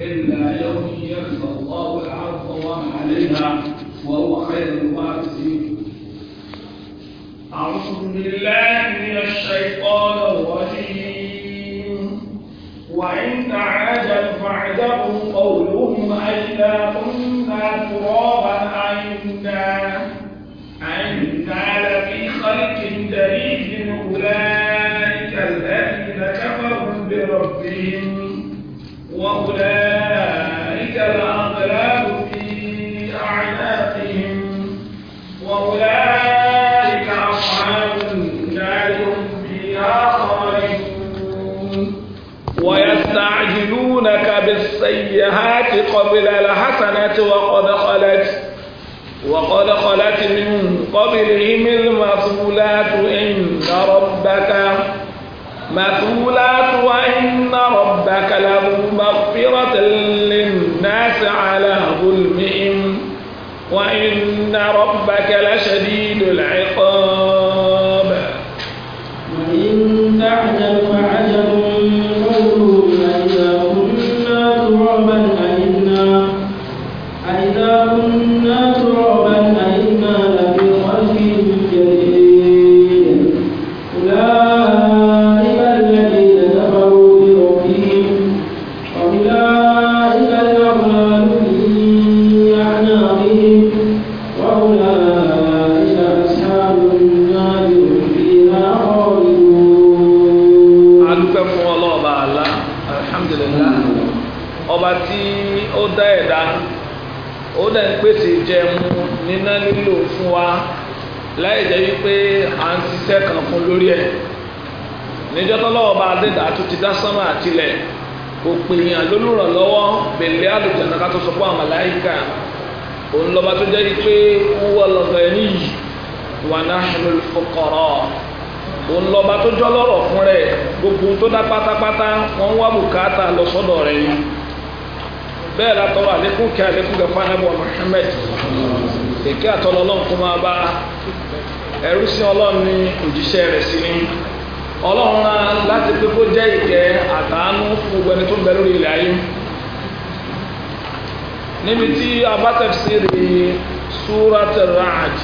إلا يوم يرفع الله العرض وما عليها وهو خير الوارثين أعوذ بالله من الشيطان الرجيم وإن تعجل فاعجبوا قولهم أئذا كنتم السيئات قبل الحسنة وقد خلت وقد خلت من قبلهم المثولات إن ربك مثولات وإن ربك له مغفرة للناس على ظلمهم وإن ربك لشديد العقاب وإنه láì jẹ́ wípé à ń ṣiṣẹ́ kan fún lórí ẹ̀ níjọ́ tọ́lọ́wọ́ bá adéda tó ti dá sánmà àtìlẹ̀ kò pè yàn lólùrànlọ́wọ́ bèlè àlùjànnà ká tó sọ fún àwọn màláíkà òun lọ́ba tó jẹ́ wípé wúwọ́ lọ́gà ẹni yìí wà nahnu al-fuqara òun lọ́ba tó jọ́ lọ́rọ̀ fún rẹ̀ gbogbo tó dá pátápátá wọ́n wá bùkátà lọ sọ́dọ̀ rẹ̀ yìí bẹ́ẹ̀ la àlékún kí àlékún kẹfà náà bọ̀ Muhammad kèké ẹ̀rú sí ọlọ́run ní òjíṣẹ́ rẹ̀ sí ní ọlọ́run rán láti pé kó jẹ́ ìkẹ́ àtàánú fún gbogbo ẹni tó ń bẹ lórí ilẹ̀ ayé níbi tí abátẹ́fsì rí súrátì Ra'd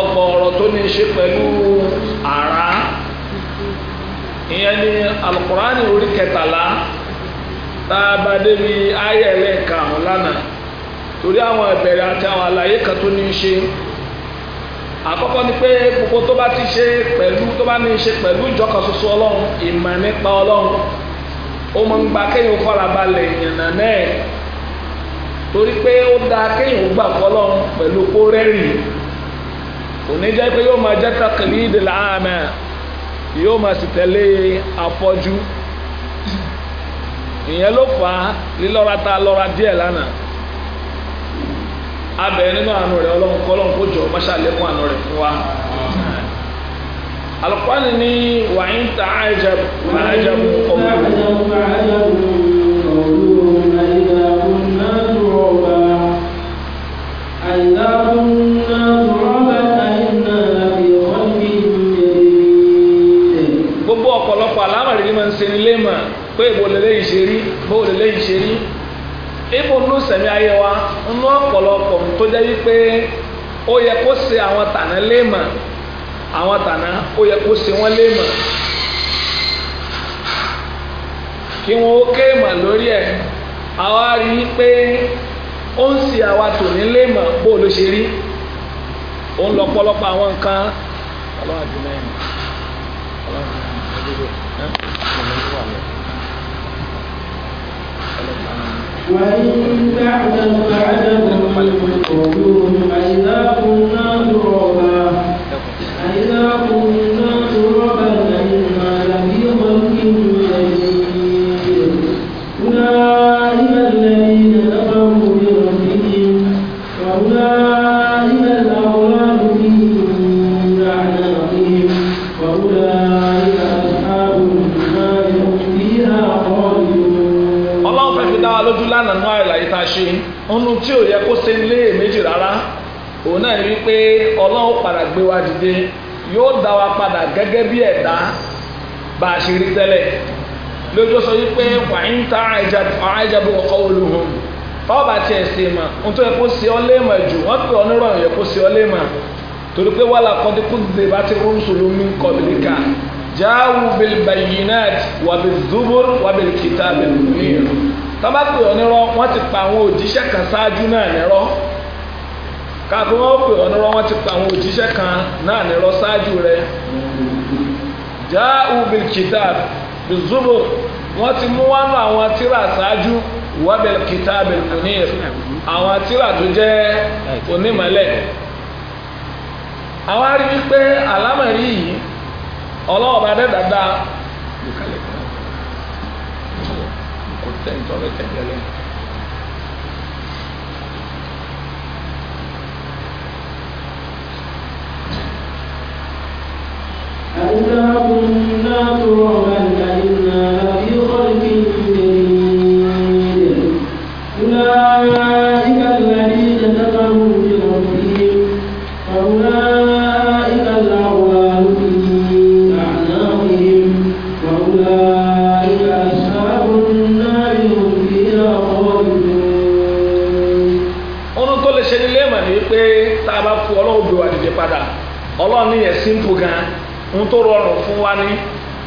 ọ̀pọ̀ ọ̀rọ̀ tó ní í ṣe pẹ̀lú àrá ìyẹn ní alukurani orí kẹtàlá tá a bá débi ayẹ̀lẹ̀ kàrún lánàá torí àwọn ìbẹ̀rẹ̀ àti àwọn àlàyé kan tó ní ṣe àkọ́kọ́ ni pé gbogbo tó bá ti ṣe pẹ̀lú tó bá ní í ṣe pẹ̀lú ìjọkan ṣoṣo ọlọ́run ìmọ̀ nípa ọlọ́run ó máa ń gba kéèyàn farabalẹ̀ ìyànnà náà torí pé ó dáa kéèyàn gbà fọlọ́run pẹ̀lú kórẹ́rì kò ní jẹ́ pé yóò máa jẹ́ takìlì ìdìlà àmà yóò máa sì tẹ̀lé afọ́jú ìyẹn ló fà á lílọ́ra ta lọ́ra díẹ̀ lánàá abẹ nínú àánú rẹ ọlọ́run kọ́ ọlọ́run kó jọ mọ́ṣálẹ́kùn àánú rẹ fún wa. alùpàdé ní wàyí ń ta àjẹbù àjẹbù ọmọ gbogbo ọ̀pọ̀lọpọ̀ alámọ̀rẹ́ ni máa ń ṣe ní lẹ́mà pé ìbò lélẹ́yìn ṣe rí bó lélẹ́yìn ṣe rí ịbụ sẹ̀mí ayé wa nú ọ̀pọ̀lọpọ̀ tó jẹ́ wípé ó yẹ kó ṣe àwọn tànà léèmọ̀ àwọn tànà ó yẹ kó ṣe wọ́n léèmọ̀ kí wọn ó kéèmọ̀ lórí ẹ àwa rí i pé ó ń ṣe àwa tò ní bó ló ṣe rí ó ń lọ àwọn وإن تعلم فعلم من قلوب أيضا nínú tí ò yẹ kó ṣe ń lé èméjì rárá òun náà rí pé ọlọ́run padà gbé wa dìde yóò dá wa padà gẹ́gẹ́ bí ẹ̀dá bá a ṣe rí tẹ́lẹ̀ lójó sọ wípé wàyín tá àìjàbọ̀ ọkọ̀ olùhùn fáwọn bá tiẹ̀ ṣe mà ń tó yẹ kó ṣe ọ́ léèmọ̀ jù wọ́n pè ọ́ nírọ̀ yẹ kó ṣe ọ́ léèmọ̀ torí pé wàhálà kọ́ndé kó dé bá ti rún sòló mi kọ́ bí ká jáwù bẹ̀lẹ̀ bàyìí náà wàbẹ̀ zubur wàbẹ̀ kìtà bẹ̀lẹ̀ nìyẹn. tọ́ba pè ọ́ nírọ́ wọ́n ti pa àwọn òjíṣẹ́ kan ṣáájú náà nírọ́ káàbí wọ́n pè ọ́ nírọ́ wọ́n ti pa àwọn òjíṣẹ́ kan náà nírọ́ ṣáájú rẹ̀ kitab bil zubur wọ́n ti mú wá nù àwọn tírà ṣáájú kitab bil munir àwọn tírà tó jẹ́ onímọ̀lẹ̀ àwọn arí wípé alámọ̀rí yìí ọlọ́ọ̀bá dẹ́dàá تاني تقعد تحلى ليه أَنَّا كُنَّا تُرَابًا أَإِنَّا لَفِي خَلْقٍ جَدِيدٍ ọlọ́run ní yẹn simple gan ń tó rọrùn fún wa ní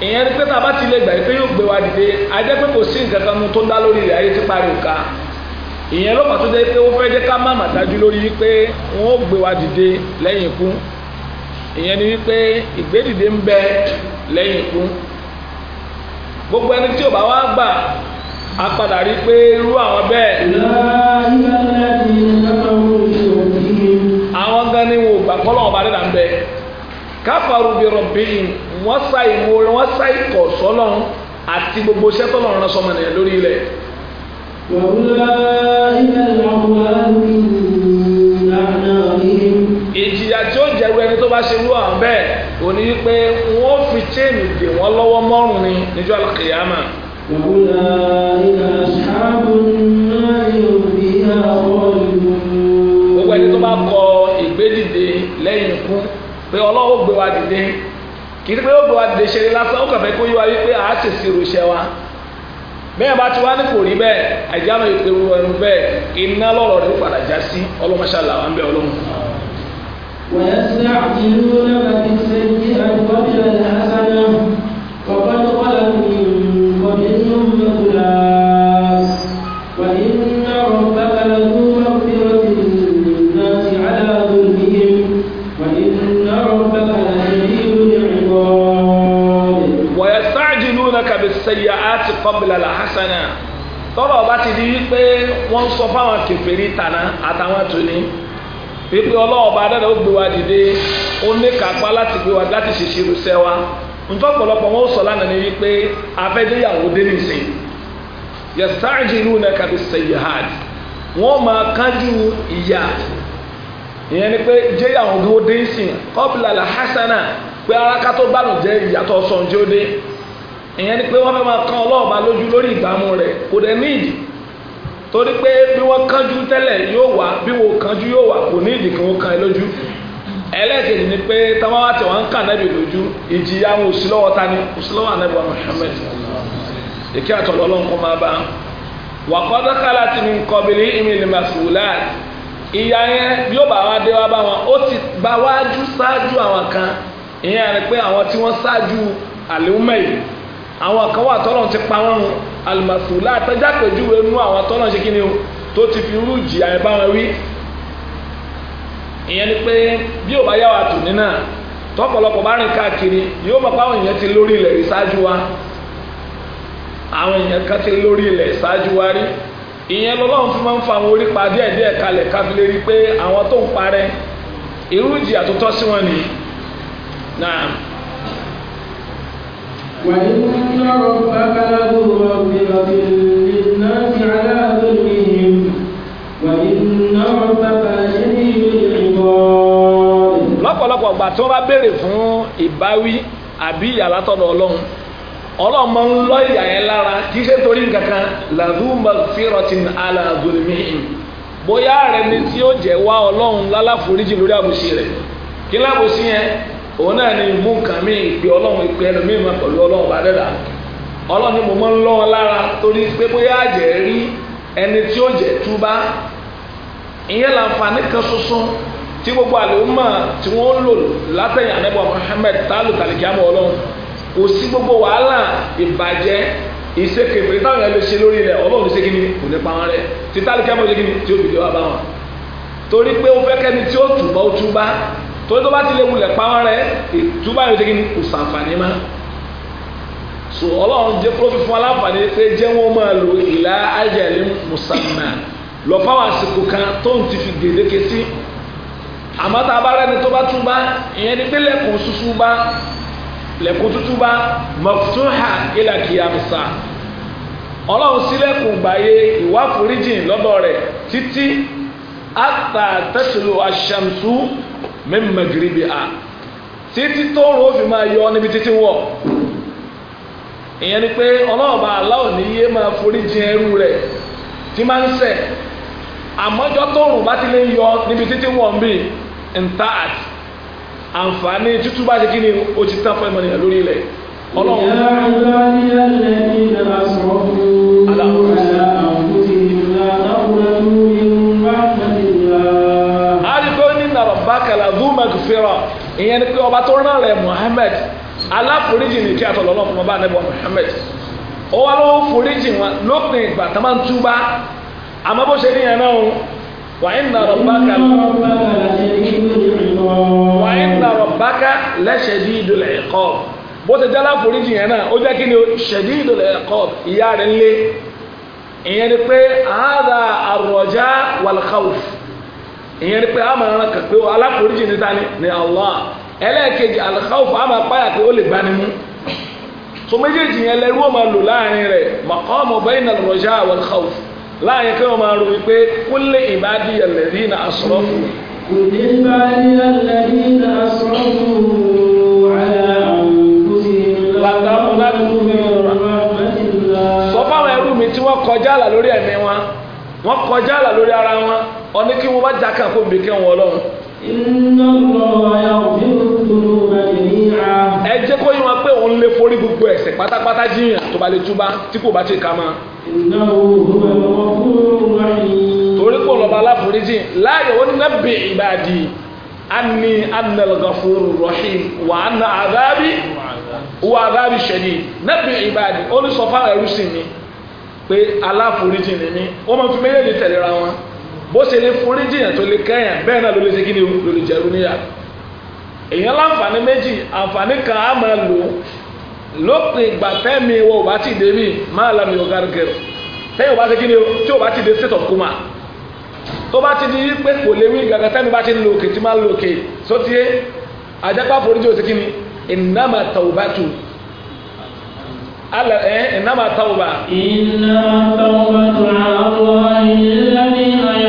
ìyẹn ní pé tá a bá ti lè gbà pé yóò gbé wa dìde ajẹ́ pé kò sí nǹkan kan tó dá lórí rẹ̀ ayé ti parí òka ìyẹn ló pàtó jẹ́ pé ó fẹ́ jẹ́ ká má mà dájú lórí wípé wọ́n gbogbo ẹni tí ò bá wá gbà á padà rí pé kọ́lọ́wọ́ bá dídà ń bẹ káfàrú bí rọ̀bìn wọ́n sá ìmoore wọ́n sá ìkọ̀ sọ́lọ́n àti gbogbo iṣẹ́ tọ́lọ̀ rán sọmọ nìyẹn lórí ilẹ̀. ìjìyà tí ó jẹ́ wẹ́ni tó bá ṣe wú àwọn bẹ́ẹ̀ ò pé wọ́n fi chéènì dè wọ́n lọ́wọ́ mọ́rùn ni níjọ́ àlùkìyàmà. wàhùn náà ìlànà sábà ń lẹ́yìn ikú pé ọlọ́wọ́ gbé wa dìde kì í ti pé ó gbé wa dìde ṣeré lásán ó kàn fẹ́ kó yí wa wípé àá ṣèṣì ròṣẹ́ wa bẹ́ẹ̀ bá ti wá ní kò rí bẹ́ẹ̀ àìjánu ìpèrú ẹnu bẹ́ẹ̀ iná lọ́rọ̀ rẹ̀ padà já sí ọlọ́mọṣálà wà ń bẹ ọlọ́run. wọ́n yẹ sí àjẹlú lọ́kàtí sẹ́yìn àgbọ̀bí kọ́bìlà làhásánà tọ́rọ̀ bá ti di wípé wọ́n sọ fáwọn kèfèrí tàná àtàwọn tòní wípé ọlọ́ọ̀bá dáadáa ó gbé wa dìde ó ní kápá láti gbé wa láti ṣèṣe irúṣẹ́ wa ntọ́ pọ̀lọpọ̀ wọn sọ lánàá ni wípé afẹ́déyàwó dé nìsín yastajilunaka bis-sayyi'at wọ́n máa kánjú ìyá ìyẹn ni pé jẹ́yàwó dé nìsín kọ́bìlà làhásánà pé arákátó bá nù jẹ́ ìyàtọ̀ sọ̀njọ́ dé ìyẹn ni pé wọ́n fẹ́ máa kan ọlọ́ọ̀bá lójú lórí ìgbàmú rẹ̀ kò dẹ̀ níìdì torí pé bí wọ́n kánjú tẹ́lẹ̀ yóò wá bí wọ́n kánjú yóò wá kò níìdì kí wọ́n kan ẹ lójú ẹlẹ́ẹ̀kejì ni pé táwọn wá tẹ̀ wọ́n ń kà nẹ́bì lójú ìjìyà wọn òsì lọ́wọ́ ta ni òsì lọ́wọ́ wa Muhammad èké àtọ̀lọ́ ọlọ́run kọ́ máa bá wà kọ́ dákàlà tí mi ń kọ́ bìrì ìmìlì màsùlá ìyá yẹn yóò bá wa dé wá bá wọn ó ti bá wájú ṣáájú àwọn kan ìyẹn ni pé àwọn tí wọ́n ṣáájú àlè àwọn kan wà tọ́lọ̀ ti pa wọ́n alùmọ̀sù látọjá pẹ̀júwe nú àwọn tọ́lọ̀ ṣe kí ni o tó ti fi irú ìjìyà ẹ̀ wọn rí ìyẹn ni pé bí ò bá yá wa tò ní náà tọ́pọ̀lọpọ̀ bá rìn káàkiri yóò mọ̀ pé àwọn èèyàn ti lórí ilẹ̀ rí ṣáájú wa àwọn èèyàn kan ti lórí ilẹ̀ ṣáájú wa rí ìyẹn lọ́lọ́run fi máa ń fa àwọn orí pa díẹ̀ díẹ̀ kalẹ̀ káfí pé àwọn tó ń parẹ́ irú ìjìyà tó tọ́ sí wọn nìyí náà. وإن ربك لذو مغفرة للناس على ظلمهم وإن ربك لشديد العقاب lọ́pọ̀lọpọ̀ ọgbà tí wọ́n bá béèrè fún ìbáwí àbí ìyà látọ̀dọ̀ ọlọ́run ọlọ́run máa ń lọ ìyà yẹn lára kì í ṣe torí nǹkan kan làdú magfiratin ala bóyá rẹ ni tí ó jẹ́ wá ọlọ́run lálàforíjì lórí àbòsí rẹ̀ kí lábòsí yẹn òun náà ni mú nǹkan mi ìpè ọlọ́run ìpè ẹlòmíì máa pẹ̀lú ọlọ́run bá dẹ́dà ọlọ́run ni mo máa ń lọ́ wọn lára torí pé bóyá àjẹ́ rí ẹni tí ó jẹ́ túbá ìyẹn làǹfààní kan ṣoṣo tí gbogbo àlùmọ̀ tí wọ́n lò látẹ̀yìn anábọ̀ Muhammad tálù tàlìkíámọ̀ ọlọ́run kò sí gbogbo wàhálà ìbàjẹ́ ìsekèpèrè táwọn yẹn lè ṣe lórí rẹ̀ ọlọ́run ló ṣe kí ni kò ní pa wọn rẹ̀ tí tálìkíámọ̀ ṣe kí ni tí ó bìí wá bá torí tó bá ti lé wulẹ̀ pàmò rẹ ìtúbà yóò tẹ́kí ni kò sàǹfààní má so ọlọ́run jẹ́ kó fi fún aláǹfààní pé jẹ́ wọ́n máa lo ìlà ajẹ́lẹ́ mùsàmà lọ fáwọn àsìkò kan tó ń ti fi gbèdéke sí àmọ́ tá a bá rẹ́ni tó bá tún bá ìyẹn ni pé lẹ́kùn ṣuṣu bá lẹ́kùn tútù bá mọ̀túnhà ìlà kìyàmùsà ọlọ́run sílẹ̀kùn gbàyè ìwà lọ́dọ̀ rẹ̀ títí àtàtẹ́tùlù àṣàmùsù mẹ́mà gíríbì à títí tó ń rò fi máa yọ níbi títí wọ̀ ìyẹn ni pé ọlọ́ọ̀bà aláwọ̀ ní yé máa forí jin ẹrú rẹ̀ tí máa ń ṣẹ̀ àmọ́jọ́ tó rùn bá ti lè yọ níbi títí wọ̀ ń bì ń ta àti àǹfààní tútù bá ṣe kí ni ó ti tán fún ẹmọ lórí ilẹ̀ ọlọ́run mọ̀gìfẹ́rọ̀ ìyẹn ni pé ọba tó rán rẹ̀ Muhammad aláforíjì ní kí àtọ̀lọ́lọ́ fún ọba anábọ̀ Muhammad ó wá lọ́wọ́ foríjì wọn lópin ìgbà tó máa ń túbá àmọ́ bó ṣe níyẹn náà wà ń nà rọ̀bákà wà ń nà rọ̀bákà lẹ́sẹ̀ dí ìdòlẹ̀ ẹ̀kọ́ bó ṣe jẹ́ aláforíjì yẹn náà ó jẹ́ kí ni ṣẹ̀dí ìdòlẹ̀ ẹ̀kọ́ ìyá rẹ̀ ń ìyẹn ni pé àádà àrọ̀já wàlúkàwùfù ìyẹn ni pé a máa ràn kàn pé aláforíjì ní tani ní Allah ẹlẹ́ẹ̀kejì al-khawf a máa páyà pé ó lè gbani mú so méjèèjì yẹn lẹ́rú ó máa lò láàrin rẹ̀ maqamu bayna al-raja wal-khawf láàyè kí wọ́n máa rò wípé kulli ibadiya alladhina asrafu. kulli ibadiya alladhina asrafu ala anfusihim látàkùn láti mú mi sọ fáwọn ẹrú mi tí wọ́n kọjá àlà lórí ẹ̀mí wọn wọ́n kọjá àlà lórí ara wọn ọ̀ní kí wọ́n bá já kan kó bèké wọn lọ́run. iná lọ ya òbí òkúrò rẹ̀ ní a. ẹ jẹ́ kó yín wọn pé òun lè forí gbogbo ẹ̀ṣẹ̀ pátápátá jiyàn tó bá lè túbá tí kò bá ti kà máa. iná òwúrò ẹ̀rọ fún rẹ̀. torí kò lọ́ba aláforíjì láàyè ó ní ná bè ìbàdí anni anna rahim wa anna azabi wa azabi shadid nabi ibadi ó ní sọ fáwọn pé aláforíjì ni mí ó máa fi méjèèjì tẹ̀léra wọn bó ṣe lè forí jìyàn tó lè kẹ́yàn bẹ́ẹ̀ náà ló lè ṣe kí ni ló lè jẹ̀rú níyà èèyàn láǹfààní méjì àǹfààní kan á máa lò lópin ìgbà tẹ́mi wọ ò bá ti dé mí máa lami ọ̀gá gẹ̀rọ tẹ́yìn ò bá ṣe kí ni o tí ò bá ti dé state of coma tó bá ti di pé kò lè wí gàgà tẹ́mi bá ti ń òkè tí máa ń òkè sótíyé àjẹpá foríjì ò ṣe kí ni ìnáma tàwùbátù ala ẹ ìnáma tàwùbà. ìnáma tàwùbátù àwọn ilé.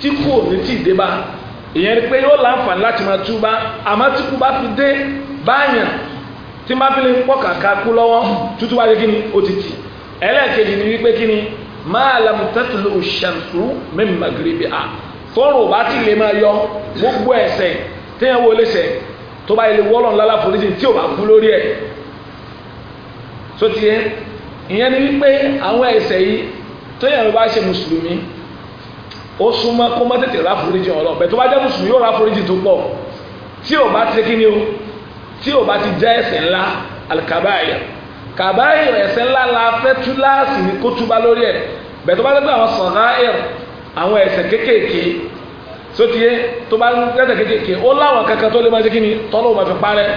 tí kú ò ní tí ì dé bá ìyẹn ni pé yóò láǹfààní láti máa tú bá àmọ́ tí kú bá fi dé báyàn tí má fi lè pọ̀ kàkà kú lọ́wọ́ tútù wáyé kí ni ó ti tì ẹlẹ́ẹ̀kejì ni wípé kí ni máa lam tẹ́tùlù ṣàǹtù min magribi à fọ́ọ̀rù bá ti lè máa yọ gbogbo ẹ̀ṣẹ̀ téèyàn wo léṣẹ̀ tó bá ilé wọ́lọ̀ ńlá láforíjì tí ò bá kú lórí ẹ̀ sótìyẹ ìyẹn ni wípé àwọn ẹ̀ṣẹ̀ yìí téèyàn bá ṣe mùsùlùmí ó súnmọ́ kó má tètè ráforíjì ọlọ́run bẹ̀ tó bá jẹ́ mùsùlùmí yóò ráforíjì tó pọ̀ tí ò bá ti kí ni o tí ò bá ti jẹ́ ẹ̀ṣẹ̀ ńlá alikabaya kàbáyìr ẹ̀ṣẹ̀ ńlá la fẹ́ tú láàsì ní kó túbá lórí ẹ̀ bẹ̀ tó bá jẹ́ pé àwọn sọ̀gáìr àwọn ẹ̀ṣẹ̀ kéékèèké sótìyé tó bá jẹ́ kéékèèké ó láwọn kankan tó lè máa jẹ́ kí tọ́lọ́ máa fi parẹ́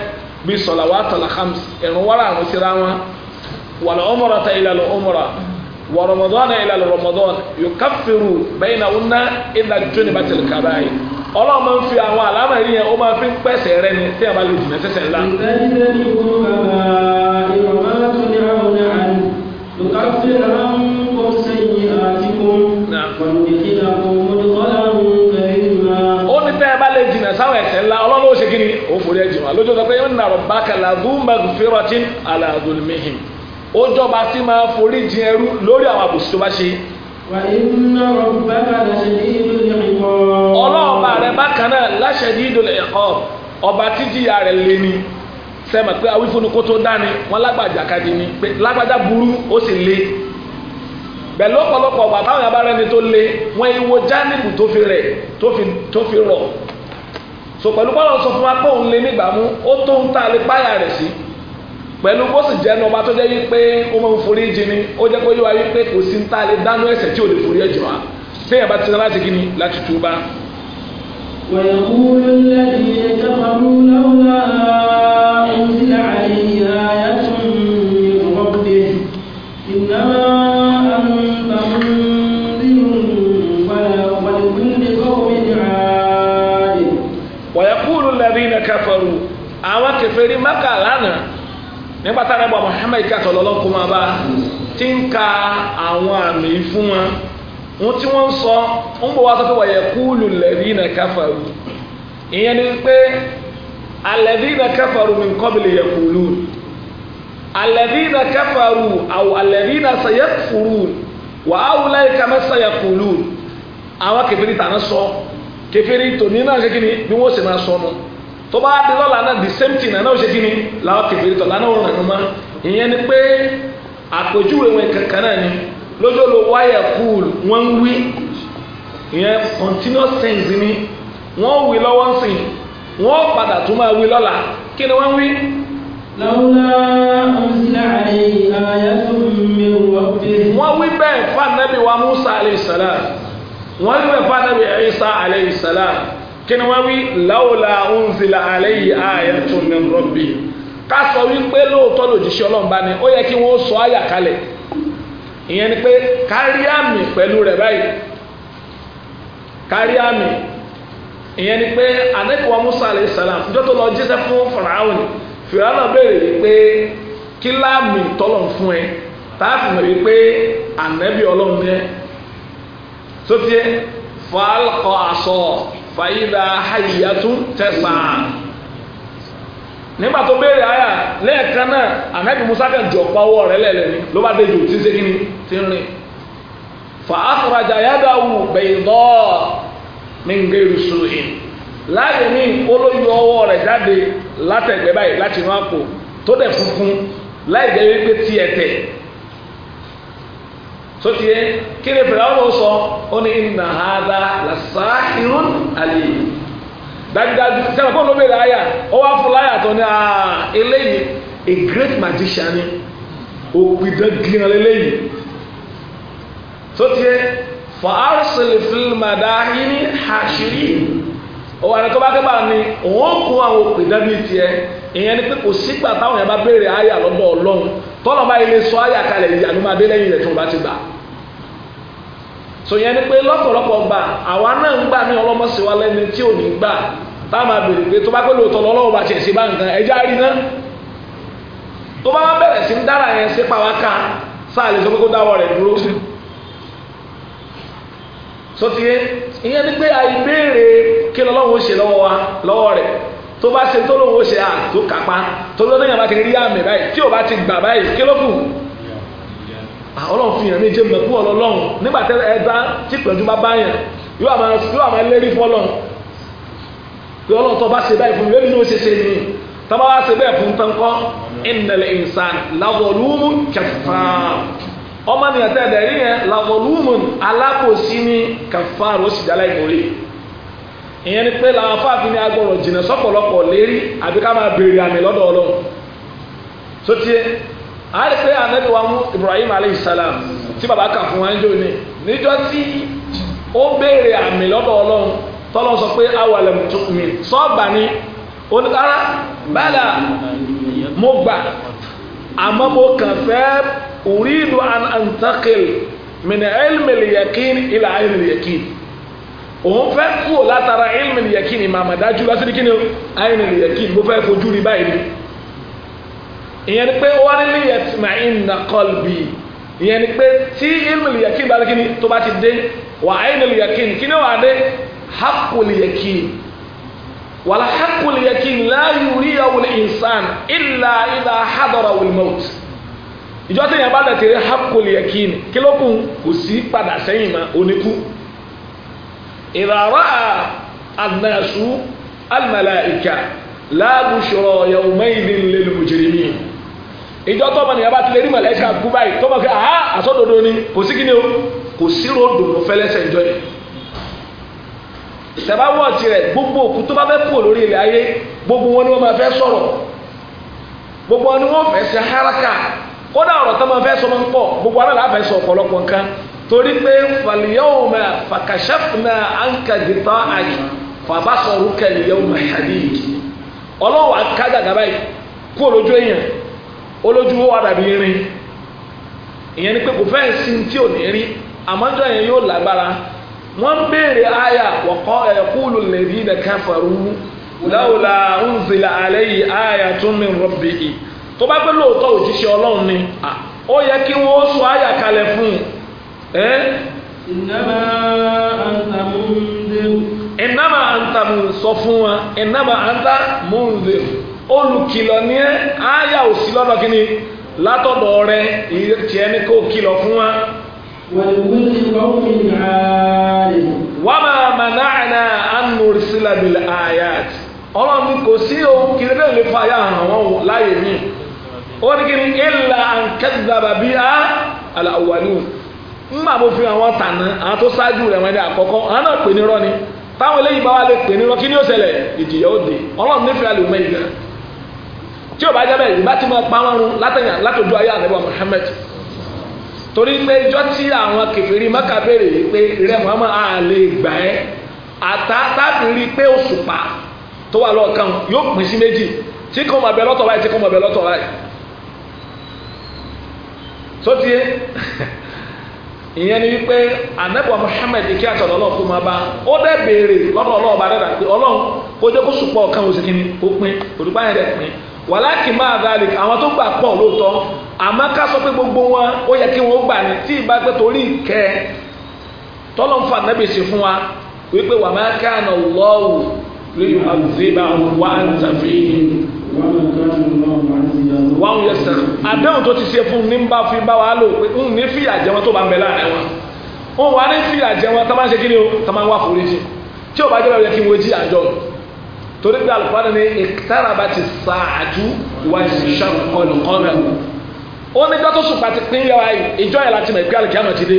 bí sọ̀làwà tọ̀lá ẹ̀rùn wàrà àwọn síra ورمضان إلى رمضان rọmọdọ́nà yóò káfíru bẹ́yìn náà wúná ilà jóni bá tẹ̀lé kaba yìí ọlọ́run máa ń fi àwọn àlámà yìí yẹn ó máa fi ń pẹ́sẹ̀ rẹ ni tí a bá lè jìnnà sẹ́sẹ̀ ńlá. ó ní tẹ́ ẹ bá lè jìnnà sáwọn ẹ̀ṣẹ̀ ńlá ọlọ́run ó ṣe kí ni ó forí ẹ̀ jìnnà lójú ọ̀sán pé ń nàrọ̀ ó jọba tí máa forí jìn ẹrú lórí àwọn àbòsí tó bá ṣe. ọlọ́ọ̀bà rẹ̀ bákan náà lashadidul iqab ọba tíjìyà rẹ̀ lé ni sẹ́mọ̀ pé awífúnni kó tó dání wọn lágbàjà kadì ni pé lágbàjà burú ó sì le bẹ̀lú ọ̀pọ̀lọpọ̀ ọ̀gbà táwọn yàrá rẹ̀ ni tó le wọn ewo jánìbù tó fi rẹ̀ tó fi rọ̀ so pẹ̀lú pọ́lọ́ sọ fún wa pé òun lé nígbà mú ó tó ń ta lè páyà rẹ̀ sí. Si pẹ̀lú bó sì jẹ́ ọba tó jẹ́ wípé ó máa ń forí jì ni ó jẹ́ pé yíwa wípé kò sí ń tà dánú ẹ̀ṣẹ̀ tí ò lè forí ẹ̀jẹ̀ wa bẹ́ẹ̀ bá ti láti kí láti tú bá. ويقول الذين كفروا لولا أنزل عليه آية من ربه إنما أنت منذر ويقول الذين كفروا àwọn kèfèrí Mákà lánàá nígbà tá a rẹ̀ bọ̀ Muhammad kàtọ́ lọ́lọ́kùn máa bá ti ń ka àwọn àmì fún wọn wọn tí wọ́n ń sọ ń bọ̀ wá sọ pé wọ́n yẹ kúlù lẹ́dínà káfàrú ìyẹn ni pé alẹ́dínà káfàrú min qabli yẹ kúlù alẹ́dínà káfàrú àwọn alẹ́dínà sẹ́yẹ kúlù wà á wùlá yìí kàmẹ́ sẹ́yẹ kúlù àwọn kẹfìrí tà ń sọ kẹfìrí tòní náà kékeré ni wọ́n sì máa sọ náà tó bá di lọ́la náà the same thing náà ó ṣe kí ni làwọn kẹfìrí tọ̀ lánàá òun rànú mọ́ ìyẹn ni pé àpèjúwe wọn kankan náà ni lójó lo wáyà kúl wọ́n ń wí ìyẹn continuous things, ni wọ́n wí lọ́wọ́ ń sìn wọ́n padà tún máa wí lọ́la kí ni wọ́n wí. lọ́wọ́lá ọ̀sìnà àlẹ́ àyà tó mi wọ́ bẹ́ẹ̀. wọ́n wí bẹ́ẹ̀ fún anabi wa musa alayhi salam wọ́n wí bẹ́ẹ̀ fún anabi isa alayhi salam kíni wọ́n wí láwòlá unzila alayhi ayatun min rabbi ká sọ wípé lóòótọ́ lòjíṣẹ́ ọlọ́run bá ní ó yẹ kí wọ́n sọ àyà kalẹ̀ ìyẹn ni pé kárí àmì pẹ̀lú rẹ̀ báyìí kárí àmì ìyẹn ni pé anẹ́kọ̀ọ́ musa alayhi salam ìjọ tó lọ jíṣẹ́ fún faraon fìrànà béèrè wípé kí láàmì tọ́lọ̀ fún ẹ táàfì mọ̀ wípé ànẹ́bí ọlọ́run yẹn sótíé fàálkọ̀ àṣọ fàyídà hayatun tẹ̀sà nígbà tó béèrè àyà lẹ́ẹ̀kan náà ànábì musa kan jọ pawọ́ rẹ̀ lẹ́lẹ̀ ni ló bá dejò tí ń ṣe kíni tí ń rìn fa akhraja yadahu bayda min ghayri su'in láàyè ní olóyún ọwọ́ rẹ̀ jáde látẹ̀gbẹ́ báyìí láti inú àpò tó dẹ̀ funfun láì jẹ́ wípé tí ẹ̀tẹ̀ So kiri fìlàwọ́n ò sọ ó ina inna la lasahirun alim dájúdájú sẹ́wọ̀n kó ló bèèrè àyà ó wá fún láyà tó ní ah, eléyìí a great magician ni òpìdán gíran eléyìí sotie fa arsil fil madahini hashirin ó wà ní kọ́bá kẹ́bà ni òun kún àwọn òpìdán bíi tiẹ̀ ìyẹn ni pé kò sígbà táwọn yẹn bá béèrè àyà lọ́dọ̀ ọlọ́run tọ́lọ̀ bá ilé sọ ayà kalẹ̀ ìyànú máa dé lẹ́yìn rẹ̀ bá ti gbà sòyẹn ni pé lọ́pọ̀lọpọ̀ gbà àwa náà ń gbà ní ọlọ́mọsí wa lẹ́ni tí ò ní gbà tá a máa bèrè pé tó bá pé lóòótọ́ lọ́wọ́ bá tiẹ̀ sí bá nǹkan ẹja rí tó bá bẹ̀rẹ̀ sí ń wa lọ́wọ́ rẹ̀ tó bá ṣe tó lóun ó ṣe à tó kápá tó lóun náà bá ti rí àmì báyìí tí ò bá ti gbà báyìí kí ló kù ọlọ́run fi hàn ní jẹ́ mẹ́kú ọlọ́run nígbà tẹ́ ẹ bá tí pẹ̀lú bá bá yàn yóò àmà yóò àmà lérí fún pé ọlọ́run tó bá ṣe báyìí fún mi lẹ́nu ló ṣe ṣe ni tó bá wá ṣe bẹ́ẹ̀ fún tán kọ́ innal insan lawolumu kafar ọmọ nìyàtẹ̀ dẹ̀rí yẹn lawolumu alákòsí ni kafar ó sì ìyẹn ni pé làwọn afáàfin ni agbọ̀rọ̀ jìnnà sọ́pọ̀lọpọ̀ lérí àbí ká máa béèrè àmì lọ́dọ̀ ọlọ́run tó tiẹ̀ a rí pé ànábì wa mú Ibrahim aleyhisalaam tí baba kà fún wa ń jò ní níjọ́ tí ó béèrè àmì lọ́dọ̀ ọlọ́run tọ́lọ́ sọ pé awàlẹ̀ mi sọ́ọ̀gbà ni oníkàrà bala mo gbà àmọ́ mo kàn fẹ́ uridu an antakil min ilmi al-yaqin ila ilmi òun fẹ́ kúrò látara ilmi nìyẹ̀kíni màmá dájú lásìrí kíni àìní nìyẹ̀kíni bó fẹ́ fojú rí báyìí ni ìyẹn ni pé wọ́n ní liyatma inna qalbi ìyẹn ni pé tí ilmi nìyẹ̀kíni bá kíni tó bá ti dé wà àìní nìyẹ̀kíni kíni wà dé haqqu nìyẹ̀kíni wàlá haqqu nìyẹ̀kíni la yuriyahu al-insan illa idha hadara al-maut ìjọ́ tí yẹn bá dẹ̀ إذا رأى الناس الملائكة لا بشرى يومئذ للمجرمين ìjọ tọ́mọ nìyẹn bá tilẹ̀ rí mọ̀lẹ́kà kú báyìí tọ́mọ kí aha àsọdodo ni kò sí kíni o kò sí ròdò ló fẹ́ lẹ́sẹ̀ ìjọ yẹn tẹ̀bá wọ̀ tirẹ̀ gbogbo òkú tó bá fẹ́ kú lórí ilẹ̀ ayé gbogbo wọn ni wọ́n máa fẹ́ sọ̀rọ̀ gbogbo wọn ni wọ́n fẹ́ ṣe haraka kódà ọ̀rọ̀ tó máa fẹ́ sọ máa ń pọ̀ gbogbo aráàlú àfẹ́ ọ̀pọ̀lọpọ̀ nǹkan torí pé fàlìyàwòmẹ fàkàṣẹfùnà ànkàgìtà àkì fàbásọrùkẹ lìyàwòmẹ hadid ọlọ́wọ́ akájàgàbá yìí kú olójú èèyàn olójú ó wà irin ìyẹn ni pé kò fẹ́ sí tí ò ní rí àmọ́jọ́ yẹn yóò lágbára wọ́n béèrè àyà wọ̀kọ́ ẹ̀kúlù lèdí nà káfàrú láwùlà ń zìlà àlẹ́ tún mi tó bá pẹ́ lóòótọ́ òjíṣẹ́ ọlọ́run ni ó yẹ kí wọ́n sọ ìnáma anta mú sọ fún wa ìnáma anta mú nzè olùkìlọ̀ ní ẹ àyà òsì lọ́dọ̀ kínní látọ̀dọ̀ rẹ tiẹ̀ ní kó kìlọ̀ fún wa. wàmà mànáàna anùrísílà bìlẹ̀ àyàt ọlọ́run kò sí ohun kìlẹ̀ bẹ́ẹ̀ lè fa àyà hàn wọ́n mí ńgbà mo fi àwọn tànà àwọn tó ṣáájú rẹ̀ wọ́n ní àkọ́kọ́ àwọn náà pè ní rọ́ ni táwọn eléyìí bá wà lè pè ní rọ́ kí ni ó ṣẹlẹ̀ ìjìyà ó dé ọlọ́run nífẹ̀ẹ́ àlè òmẹ́ ìgbà tí ò bá jẹ́ bẹ́ẹ̀ ìbá ti máa pa wọn run látẹ̀yà látòjú ayé àlẹ́wà Muhammad torí pé ijọ́ tí àwọn kèfèrí Mákà béèrè yìí pé rẹ Muhammad á lè gbà ẹ́ àtàtàbìrì pé òṣùpá tó wà lọ́ọ̀kan yóò pín sí méjì tí kò mọ̀ bẹ lọ́tọ̀ báyìí tí kò mọ̀ bẹ lọ́tọ̀ báyìí ìyẹn ni wípé anabi muhammed kí àtọ̀dọ̀ ọlọ́run kó máa bá ó dẹ́ béèrè lọ́dọ̀ ọlọ́run bá dẹ́dà pé ọlọ́run kó jẹ́ kó sùpọ̀ ọ̀kan oṣù kìíní kó pin òdùpá yẹn dẹ̀ pin wàláàkì máa dálé àwọn tó gbà pọ̀ lóòótọ́ àmọ́ ká sọ pé gbogbo wọn ó yẹ kí wọ́n gbà ní tí ì bá pé torí ìkẹ́ tọ́lọ́n anabi sí fún wa wípé wàmá káànà lọ́wọ́ liyu'adhibahum wa anta fihim wọ́n yẹ sẹ́rù àdéhùn tó ti ṣe fún ní bá fi bá wa lò pé ń ní fìyà jẹ wọn tó bá ń bẹ láàrin wọn òun wà ní fìyà jẹ wọn tó máa ń ṣe kí ni o tó máa ń wá foríjì tí ò bá jẹ́ bẹ̀rẹ̀ kí wọ́n jí àjọ torí pé alùpàdé ní ìtàràbà ti sàájú ìwádìí ìṣàkóso ọ̀nà ó ní dọ́tò sùpà ti pín yẹ wa ìjọ yẹ láti mọ̀ ìpínlẹ̀ kí á mọ̀ ti dé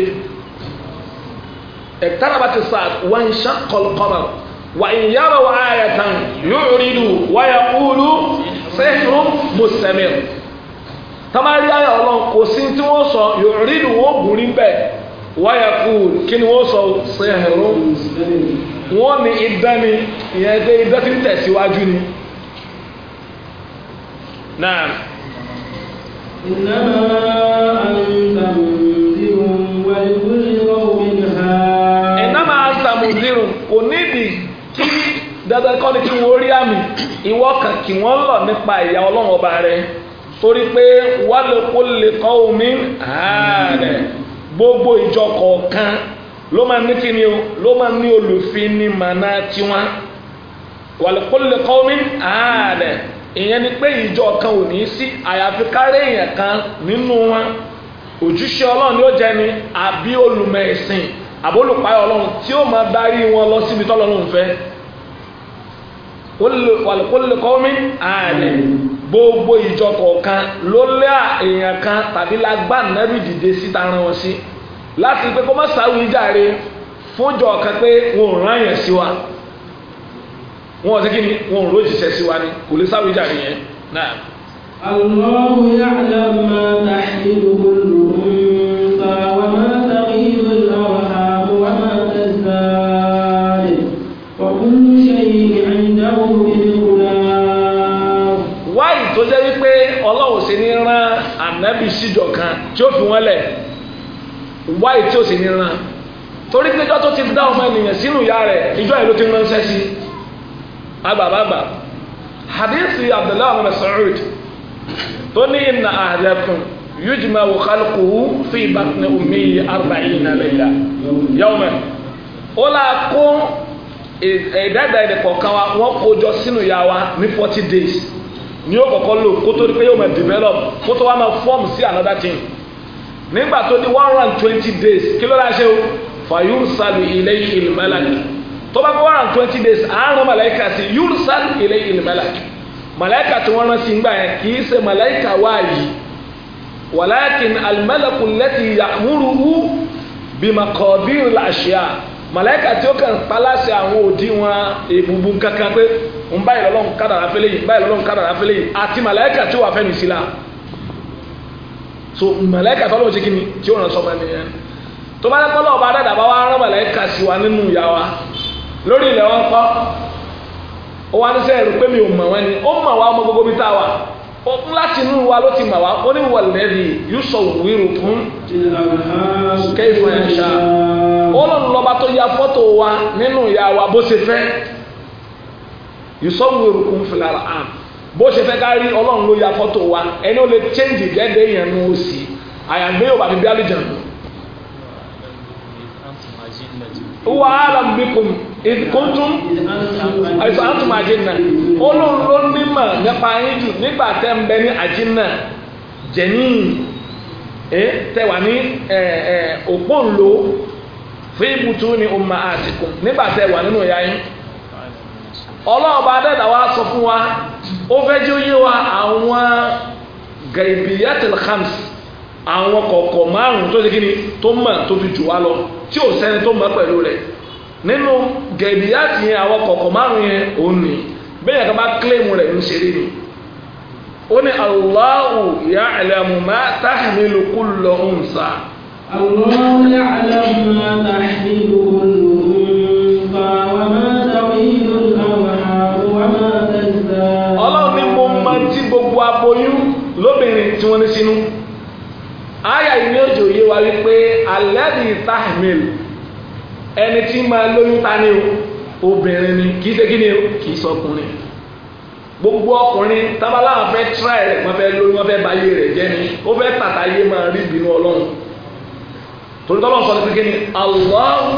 ìtàràbà ti sàájú wọ́n ń ṣàkóso ọ̀nà وإن يروا آية يعرضوا ويقولوا سحر مستمر tọ́mọ́rí ayọ̀ ọlọ́run kò sí tí wọ́n sọ yòrìlù wọ́n bù rí bẹ́ẹ̀ wáyà kúù kí ni wọ́n sọ sẹ́hẹ̀rọ wọ́n ní idán ni ìyẹn pé idán ti ń tẹ̀síwájú ni. náà. dandan kọ́ ni kí wọ́n rí àmì ìwọ kan kí wọ́n lọ nípa ìyá ọlọ́run ọba rẹ torí pé wálòpọ̀ lè kọ́ omi ààrẹ gbogbo ìjọ kọ̀ọ̀kan ló máa ní kíni o ló máa ní olùfin ní màná tiwọn wálòpọ̀ lè kọ́ omi ààrẹ ìyẹn ni pé ìjọ kan ò ní í sí àyàfi kárẹ́ èèyàn kan nínú wọn òjúṣe ọlọ́run ni ó jẹ́ ni àbí olùmẹ̀sìn àbólùpáyọ̀ ọlọ́run tí ó máa darí wọn lọ síbi tọ́lọ́run fẹ́ wàlúkúlù kọ́mí àná gbogbo ìjọ kọ̀ọ̀kan ló lé èèyàn kan tàbí lágbá nàbì dìde síta ran wọn sí láti pé kó má sáwìí jàre fúnjọ kan pé wọn ò rán yẹn sí wa wọn ò sí kí ni wọn ò rójìṣẹ́ sí wa ni kò lè sáwìí jàre yẹn náà. Allahu ya'lamu ma tahmilu ànábì síjọ kan tí ó fi wọ́n lẹ̀ wáyé tí ó sì ní ran torí pé ìjọ tó ti dá ọmọ ènìyàn sínú ìyá rẹ̀ ìjọ yìí ló ti ránṣẹ́ sí agbàbàgbà hadithi abdullahi ibn Mas'ud tó ní inna ahlakum yujma'u khalquhu fi batni ummihi arba'ina layla yawma ó là kó ìdẹ́gbẹ̀ẹ́ kọ̀ọ̀kan wa wọ́n kó jọ sínú ìyá wa ní forty days ni yóò kọ́kọ́ lò kó tó di pé yóò máa develop kó tó wá máa form sí another thing nígbà tó di one hundred and twenty days kí ló dáa ṣe o fayursalu ilayhi al-malak tó bá pé one hundred and twenty days àárọ̀ màláìka sí yursalu ilayhi al-malak màláìka tí wọ́n rán sí gbà yẹn kì í ṣe màláìka wáyìí walakin al-malaku allati ya'muruhu bimakọ̀ọ́bí làṣíà màláìka tí ó kàn pa láṣẹ àwọn òdiwọ̀n èbùbù kankan pé ń báyìí lọ́lọ́run kádàrá fẹ́lẹ́ yìí báyìí lọ́lọ́run kádàrá fẹ́lẹ́ yìí àti màláìkà tí ó wà fẹ́ nìsí la so màláìkà tó lóun ṣe kí ni tí ó ràn sọmọ nìyẹn tó bá dẹ́pọ́ lọ́wọ́ bá dàdà bá wá rán màláìkà sí wa nínú ìyá wa lórí ilẹ̀ wọn kọ́ ó wá ní sẹ́yìn rú pé mi ò mọ̀ wọn ni ó mọ̀ wá ọmọ gbogbo mi tá a wà láti inú wa ló ti mà wá ó ní wọ̀lẹ́dì yúsọ̀ wíru fún kẹ́yìn fún ẹ̀ṣá ó lọ́nà lọ́ba tó ya fọ́tò wa nínú ìyá wa bó ṣe fẹ́ yusawwirukum fil arham bó ṣe fẹ́ ká rí ọlọ́run ló ya fọ́tò wa ẹni ó lè change gẹ́gẹ́ èèyàn nu òsì àyàgbé yóò bá fi bí àlejàn nù. wà á làm bikum ìkúntún àìsàn àtúmọ̀ àjìnnà ọlọ́run ló nímọ̀ nípa yín jù nígbà tẹ́ ń bẹ ní àjìnnà jẹ̀nín tẹ wà ní òpónlò fún ibùtú ni ummahatikum nígbà tẹ́ wà nínú ìyá yín ọlọ́run bá dẹ́dà wá sọ fún wa ó fẹ́ jẹ́ oyé wa àwọn gaibiyatil khams àwọn kọ̀ọ̀kọ̀ márùn-ún tó ṣe kíni tó mọ̀ tó fi jù wá lọ tí ò sẹ́ni tó mọ̀ pẹ̀lú rẹ̀ nínú gẹ̀bíyàtì yẹn àwọn kọ̀ọ̀kọ̀ márùn yẹn òun ni bẹ́ẹ̀ ká bá kílèmù rẹ̀ ń ṣeré ni ó ní Allahu ya'lamu ma tahmilu kullu unsa. Allahu ya'lamu ma tahmilu sínú àyà yìí ní òjò yé wa wípé alẹ́dì tahmil ẹni tí máa lóyún ta ni o obìnrin ni kì í ṣe kí ni o kì í sọkùnrin gbogbo ọkùnrin tábàláwọn fẹ́ tíra ẹ̀ wọ́n fẹ́ lóyún wọ́n fẹ́ ba ayé rẹ̀ jẹ́ ni ó fẹ́ tàtà ayé máa rí ìbínú ọlọ́run torí tọ́lọ́ sọ pé kí ni Allahu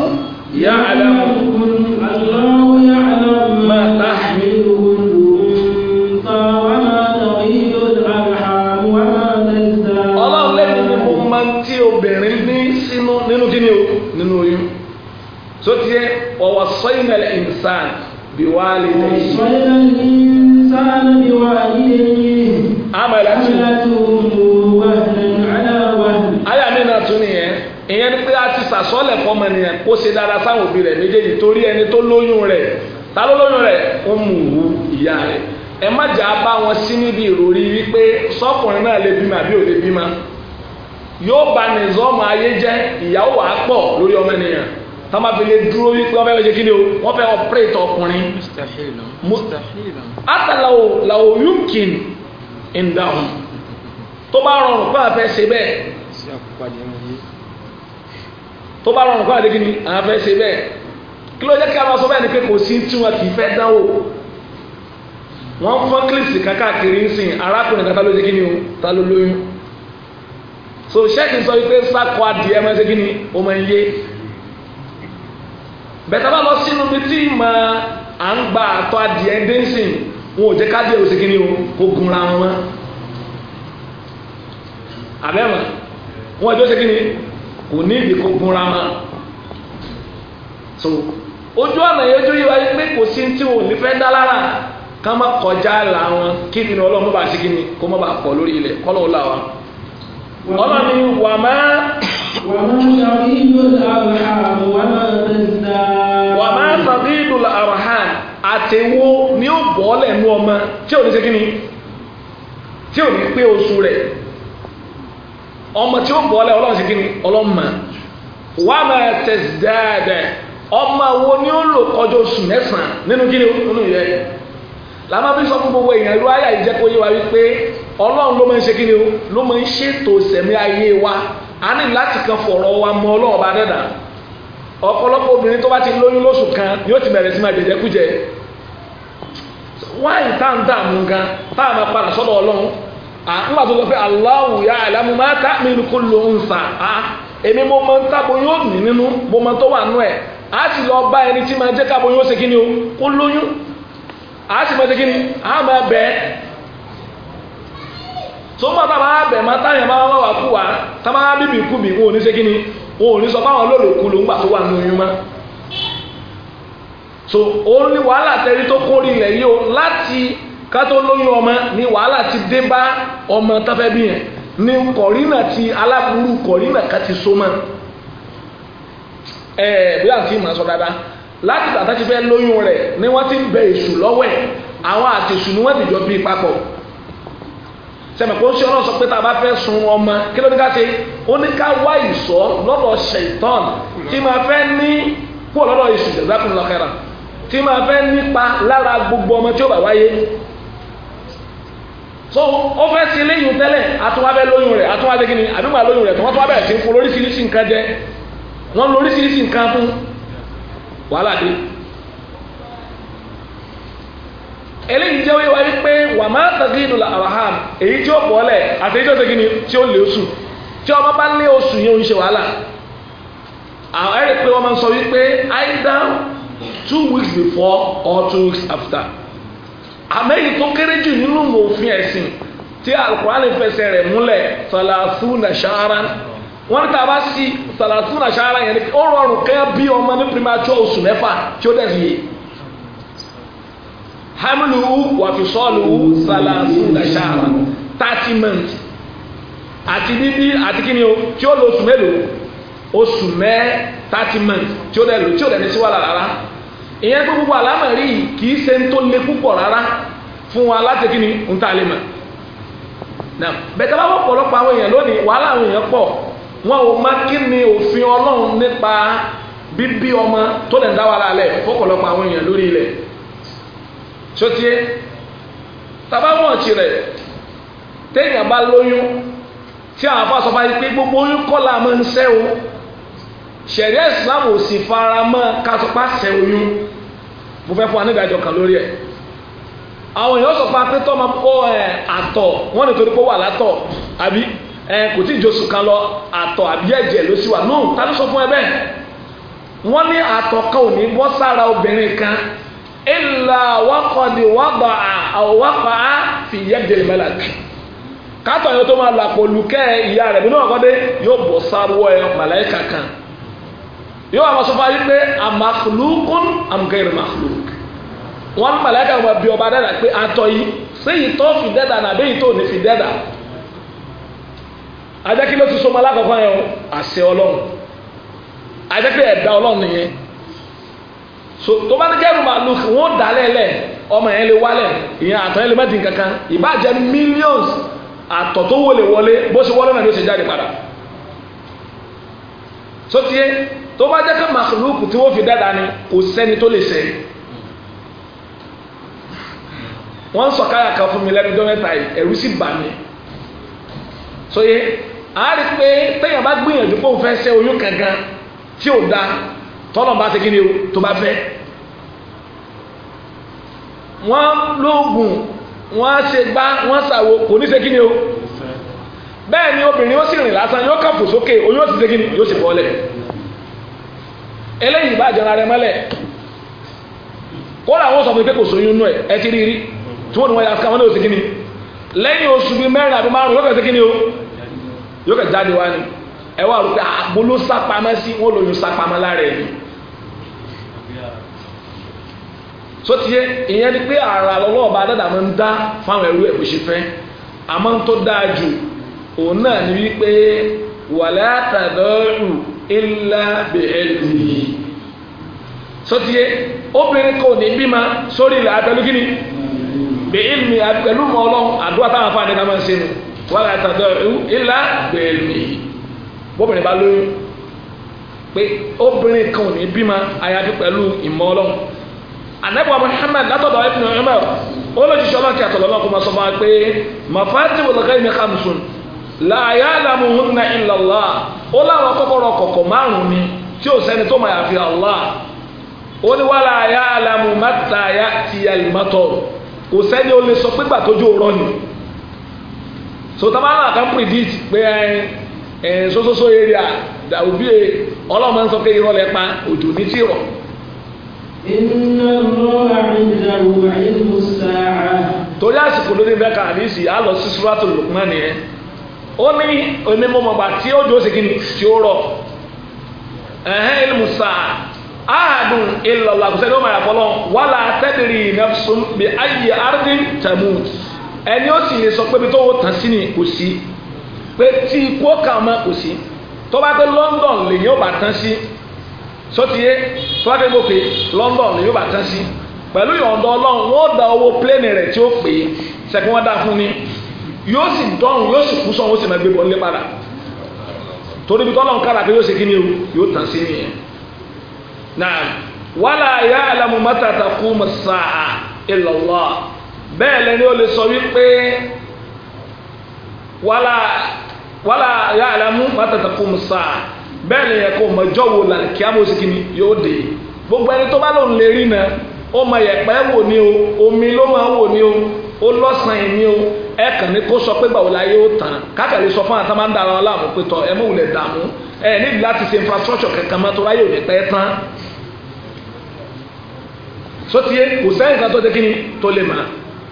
ya'lamu Allahu ya'lamu máa ta. tí obìnrin ní sínú nínú kí ni o nínú oyún tó tiẹ̀ ọ̀wọ̀ sọ́yìnlẹ̀ ìnsán bí wà lè dé. sọ́yìnlẹ̀ ìnsán bí wà lè dé. amala tu aya mi náà tún nìyẹn ìyẹn ni pé a ti sàsọ́lẹ̀ fọmọnìyàn kó ṣe dára sáwọn òbí rẹ̀ méjèèjì torí ẹni tó lóyún rẹ̀ ta ló lóyún rẹ̀ ó mú wú ìyá rẹ̀ ẹ má jà bá wọn sí níbi ìròrí wípé sọ́kùnrin náà lè bímọ àbí ò lè bímọ yóò ba nìzọ́ọ̀mù ayé jẹ́ ìyàwó wà á pọ̀ lórí ọmọ ènìyàn tá má fi lè dúró wípé wọ́n fẹ́ ṣe kí ni o wọ́n fẹ́ ọ̀pẹ́rẹ́tọ̀ ọkùnrin. àtàlàwò làwò yúkìn ìdáhùn tó bá rọrùn pé àfẹ́ ṣe bẹ́ẹ̀ tó bá rọrùn pé àdégi ni àfẹ́ ṣe bẹ́ẹ̀ kí ló jẹ́ kí a máa sọ bẹ́ẹ̀ ni pé kò sí tí wọn kì í fẹ́ dánwò wọ́n fọ́n kílìsì kákàkiri ń sìn arákùnrin kátà ló ṣe kí ni o ta ló lóyún so sẹ́ẹ̀kì sọ wípé sákò adìẹ máa ṣe kí ni ó máa ń yé bẹ̀tẹ̀ bá lọ sínú bí tí mà á ń gba àtọ́ adìẹ dẹ́nsìn wọn ò jẹ́ ká díẹ̀ òsì kí ni o kò gunra wọn àbẹ́wọ̀n wọn ìjọ́ ṣe kí ni kò ní ìdí kò gunra wọn so ojú ọ̀nà yẹn ojú yíwa pé kò sí tí wọn ò ní fẹ́ dá lára ká má kọjá là wọn kí ni ọlọ́run má bàa ṣe kí ni kó má bàa pọ̀ lórí ilẹ̀ kọ́lọ́ ọ̀la wa ọlọ́ni wà máa wà máa sàdí ìdùlà àrùhàn àtẹ̀wò ni ó bọ́ lẹ́nu ọmọ tí ò ní ṣe kí ni tí ò ní pé oṣù rẹ̀ ọmọ tí ó bọ́ lẹ́ ọlọ́run ṣe kí ni ọlọ́mọ wà máa tẹ̀sídáadẹ̀ ọmọ wo ni ó lò kọjọ oṣù mẹ́sàn-án nínú kí ni ó nù yẹ làmá fi sọ fún gbogbo èèyàn irú àyà yìí kó yé wa wípé ọlọ́run ló máa ń ṣe kí ni o ló máa ń ṣètò sẹ̀mí ayé wa a ní láti kan fọ̀rọ̀ wa mọ ọlọ́run bá dẹ́dà ọ̀pọ̀lọpọ̀ obìnrin tó bá ti lóyún lóṣù kan ni ó ti bẹ̀rẹ̀ sí máa jẹjẹkújẹ wáyé tá à ń dààmú gan tá à máa padà sọ́dọ̀ ọlọ́run àtúnwà tó sọ pé Allahu ya'lamu ma ta'milu kullu unsa á èmi mo máa ń tábo yóò nì nínú mo máa tó wà nú ẹ̀ á sì lọ bá ẹni tí máa jẹ́ kábo yóò ṣe kí ni o kó lóyún asi mo tigin ama bɛ so mo ata ma bɛ ma ta yɛ ma wa wa ku wa ta ma bi bi ku bi wo ni segin ni wo ni sɔ ma wa lolo kulu ŋgba to wa nu yun ma so only wahala tɛri to kori lɛ yi o lati kato lori ɔmɔ ni wahala ti de ba ɔmɔ tɛfɛ bi ni kɔrina ti alakuru kɔrina kati soma ɛɛ bi a ti ma sɔ dada. láti tàtà ti fẹ́ lóyún rẹ̀ ni wọ́n ti ń bẹ èṣù lọ́wọ́ ẹ̀ àwọn àti èṣù ni wọ́n ti jọ bí papọ̀ sẹ́mi kò ń ṣe ọlọ́sọ pé tá a bá fẹ́ sun ọmọ kí ló ní ká ṣe ó ní ká wá ìṣọ́ lọ́dọ̀ ṣẹ̀tọ́n tí máa fẹ́ ní kó lọ́dọ̀ èṣù jẹ̀dákùn lọ́kẹ́ra tí máa fẹ́ nípa lára gbogbo ọmọ tí ó bá wáyé so ó fẹ́ sí léyìn tẹ́lẹ̀ àtúwábẹ́ lóyún rẹ̀ àtúwábẹ́ kí ni àbí màá lóyún rẹ̀ tí wọ́n tún wá bẹ̀rẹ̀ sí fún lóríṣiríṣi wàhálà dé eléyìí jẹ́ wíwá yí pé wà máa tàgé ìnula àwàhàm èyí tí ó pọ̀ lẹ̀ àti èyí tí ó tẹ́gí ni tí ó lé oṣù tí ọmọ bá lé oṣù yẹn ń wàhálà àwọn ẹ̀rì pé wọ́n máa ń sọ wípé either two weeks before or two weeks after àmẹ́yìn tó kéré jù nínú òfin ẹ̀sìn tí Al-Qur'an fẹsẹ̀ rẹ̀ múlẹ̀ fàlàfù nàṣàrán wọ́n ní tá a bá ṣí sàlàtún àṣàrà yẹn ó rọrùn kẹ́ bí ọmọ ní primature oṣù mẹ́fà tí ó dẹ̀sí yìí hamiluhu wàfisọ́ọ̀lùhu sàlàtún àṣàrà thirty months àti bíbí àti kíni o tí ó lo oṣù mélòó oṣù mẹ́ thirty months tí ó dẹ̀lò tí ó dẹ̀ni sí wàhálà rárá ìyẹn pé gbogbo àlámọ̀rí yìí kì ṣe ń tó le púpọ̀ rárá fún wa láti kíni ń tà lè mọ̀ bẹ̀tẹ̀ bá wọ́pọ̀lọpọ̀ àwọn èèyàn lónìí wàhálà àwọn èèyàn pọ̀ wọn ò má kí ni òfin ọlọ́run nípa bíbí ọmọ tó lè ń dá wàhálà lẹ̀ fọ́pọ̀lọpọ̀ àwọn èèyàn lórí ilẹ̀ sotie tàbá wọn ti rẹ̀ téèyàn bá lóyún tí àwọn afásọ bá yí pé gbogbo oyún kọ́ la máa ń ṣẹ́ o ṣẹ̀ríà ìsìlámù ò sì fara mọ́ kásọpá ṣẹ́ oyún mo fẹ́ fún wa nígbàjọ kan lórí ẹ̀ àwọn èèyàn sọ pé apẹ́tọ́ máa kó àtọ̀ wọ́n nítorí pé wà látọ̀ àbí ẹ kò tí ì kan lọ àtọ̀ àbí ẹ̀jẹ̀ ló sì wà náà ta ló sọ fún ẹ bẹ́ẹ̀ wọ́n ní àtọ̀ kan ò ní bọ́ sára obìnrin kan ìlà wákọ̀dì wábà àwọ̀wáfà fi yẹ́gẹ̀lẹ̀ mẹ́làkì kátó yóò tó máa làpọ̀ lùkẹ́ ìyá rẹ̀ nínú ọ̀kọ́dé yóò bọ̀ sáwọ́ ẹ yóò sọ fún ayé pé àmàkùlùkùn àmùkẹ́rẹ̀ màkùlùk wọ́n bí ọba dẹ́dà pé àtọ̀ yìí tó fi dẹ́dà tó ní fi dẹ́dà ajẹ́kí ló ti so mọ́ alákọ̀ọ́kọ́ yẹn o àṣẹ ọlọ́run ajẹ́kí ẹ̀dá ọlọ́run nìyẹn so tó bá ní kẹ́rù màlúù wọ́n dà lẹ́lẹ̀ ọmọ yẹn lè wálẹ̀ ìyẹn àtọ̀ yẹn lè mẹ́tì kankan ìbàjẹ́ millions àtọ̀ tó wọlé wọlé bó ṣe wọlé náà ló ṣe jáde padà so tiẹ́ tó bá jẹ́ kí màlúù tí wọ́n fi dáadáa ni kò sẹ́ni tó lè sẹ́yìn wọ́n sọ káyà kan fún mi lẹ́nu dọ́mẹ́ta yìí ẹ̀rú sì bà mí a rí pé téèyàn bá gbìyànjú pé òun fẹ́ ṣe oyún kankan tí ò da tọ́lọ̀ bá ṣe kí ni o tó bá fẹ́ wọ́n lóògùn wọ́n ṣe gbá wọ́n ṣàwo kò ní ṣe kí ni o bẹ́ẹ̀ ni obìnrin ó sì rìn lásán yóò kàn fò sókè oyún ṣe kí ni yóò bọ́lẹ̀ eléyìí bá jẹun ara mọ́lẹ̀ kóra wọ́n yà sí yóò kẹ̀ jáde wá ni ẹ wá rò pé àgbo ah, sí wọn lóyún sápamọ́ lára ẹ̀ so tiye ìyẹn ni pé ara ọlọ́ọ̀ba dáadáa máa ń dá fáwọn ẹrú ẹ̀ bó ṣe fẹ́ àmọ́ ń tó dáa jù òun náà ni wípé wàlẹ́ àtàdọ́rù ńlá bẹ̀ẹ́lì so tiye obìnrin kò ní bímọ sórí ilẹ̀ abẹ́lú kí ni bẹ̀ẹ́lì pẹ̀lú ọlọ́run àdúrà táwọn afáàní ká máa ń ṣe wọ́n láti tàdọ̀ ìlà bẹ̀ẹ̀mì bóbìnrin bá lóyún pé obìnrin kan ò ní bímọ àyàfi pẹ̀lú ìmọ̀ ọlọ́run anabiwa Muhammad látọ̀dọ̀ ibn Umar olójúṣe ọlọ́run kí àtọ̀lọ́ ọlọ́run kò máa sọ fún wa pé mafatihul ghaibi khamsun la ya'lamuhunna illa Allah ó láwọn kọ́kọ́rọ́ kọ̀kọ̀ márùn-ún ni tí ò sẹ́ni tó máa yàfi Allah ó ní wala ya'lamu mata ya'tiyal matar kò sẹ́ni ó lè sọ pé gbàtójú rọ́ ni so tá a máa predict pé ẹ sososo area dàbí e, ọlọ́mọ ń sọ pé irọ́ lẹ pa òjò ní tí rọ̀. iná lọ àìjà wà ìlú sáà. torí àsìkò ló ní bẹ́ẹ̀ ká àdìsí á lọ sí suratu Luqman nìyẹn ó ní onímọ̀mọ̀gbà tí ó jò sí tí ó rọ̀ ẹ̀hẹ́n ìlú sáà ahadun illallah kò sẹ́ni ó máa yà fọlọ́ wàlá tadri nafsun bi ayyi ardin tamut ẹni ó sì lè sọ pé ibi tó wò tán sí ni kò sí pé tí ikú ó kà ọmọ kò sí tó bá pé London lèyìn ó bá tán sí sọtìyé tó bá pé gòkè London lèyìn ó bá tán sí pẹ̀lú ìyọ̀ǹda Ọlọ́run wọ́n da owó pléènì rẹ̀ tí ó pè é sẹ́kí wọ́n dá fún ni yóò sì dọ́rùn yóò sì kú sọ́run sì máa gbé bọ́ nílé padà torí bí tọ́lọ́run kára pé yóò ṣe kí ni o yóò tàn sí nìyẹn náà wàlà ya'lamu mata taqumu as-sa'a bẹ́ẹ̀ lẹ́ni ó lè sọ wípé wàlà wàlà ya alamu mátàtàkù musa bẹ́ẹ̀ lẹ́yìn ẹ̀kọ́ mọ̀jọ́ wo làlẹ́ kí á mọ̀ sí kíni yóò dé gbogbo ẹni tó bá lòun lè rí náà ó mọ yẹ̀pẹ̀ wò ní o omi ló máa wò ní o ó lọ́sàn-án ní o ẹ kàn ní kó sọ pé gbàwó la yóò tàn kákàlẹ́ sọ fún àtàwọn máa ń dara wọn láàmú pé tọ ẹ mọ̀ wùlẹ̀ dààmú ẹ níbi láti ṣe infrastructure kankan mọ́ tó ráyè òní pẹ́ tán sótìyẹ kò sẹ́yìn kan tó dé kíni tó lè máa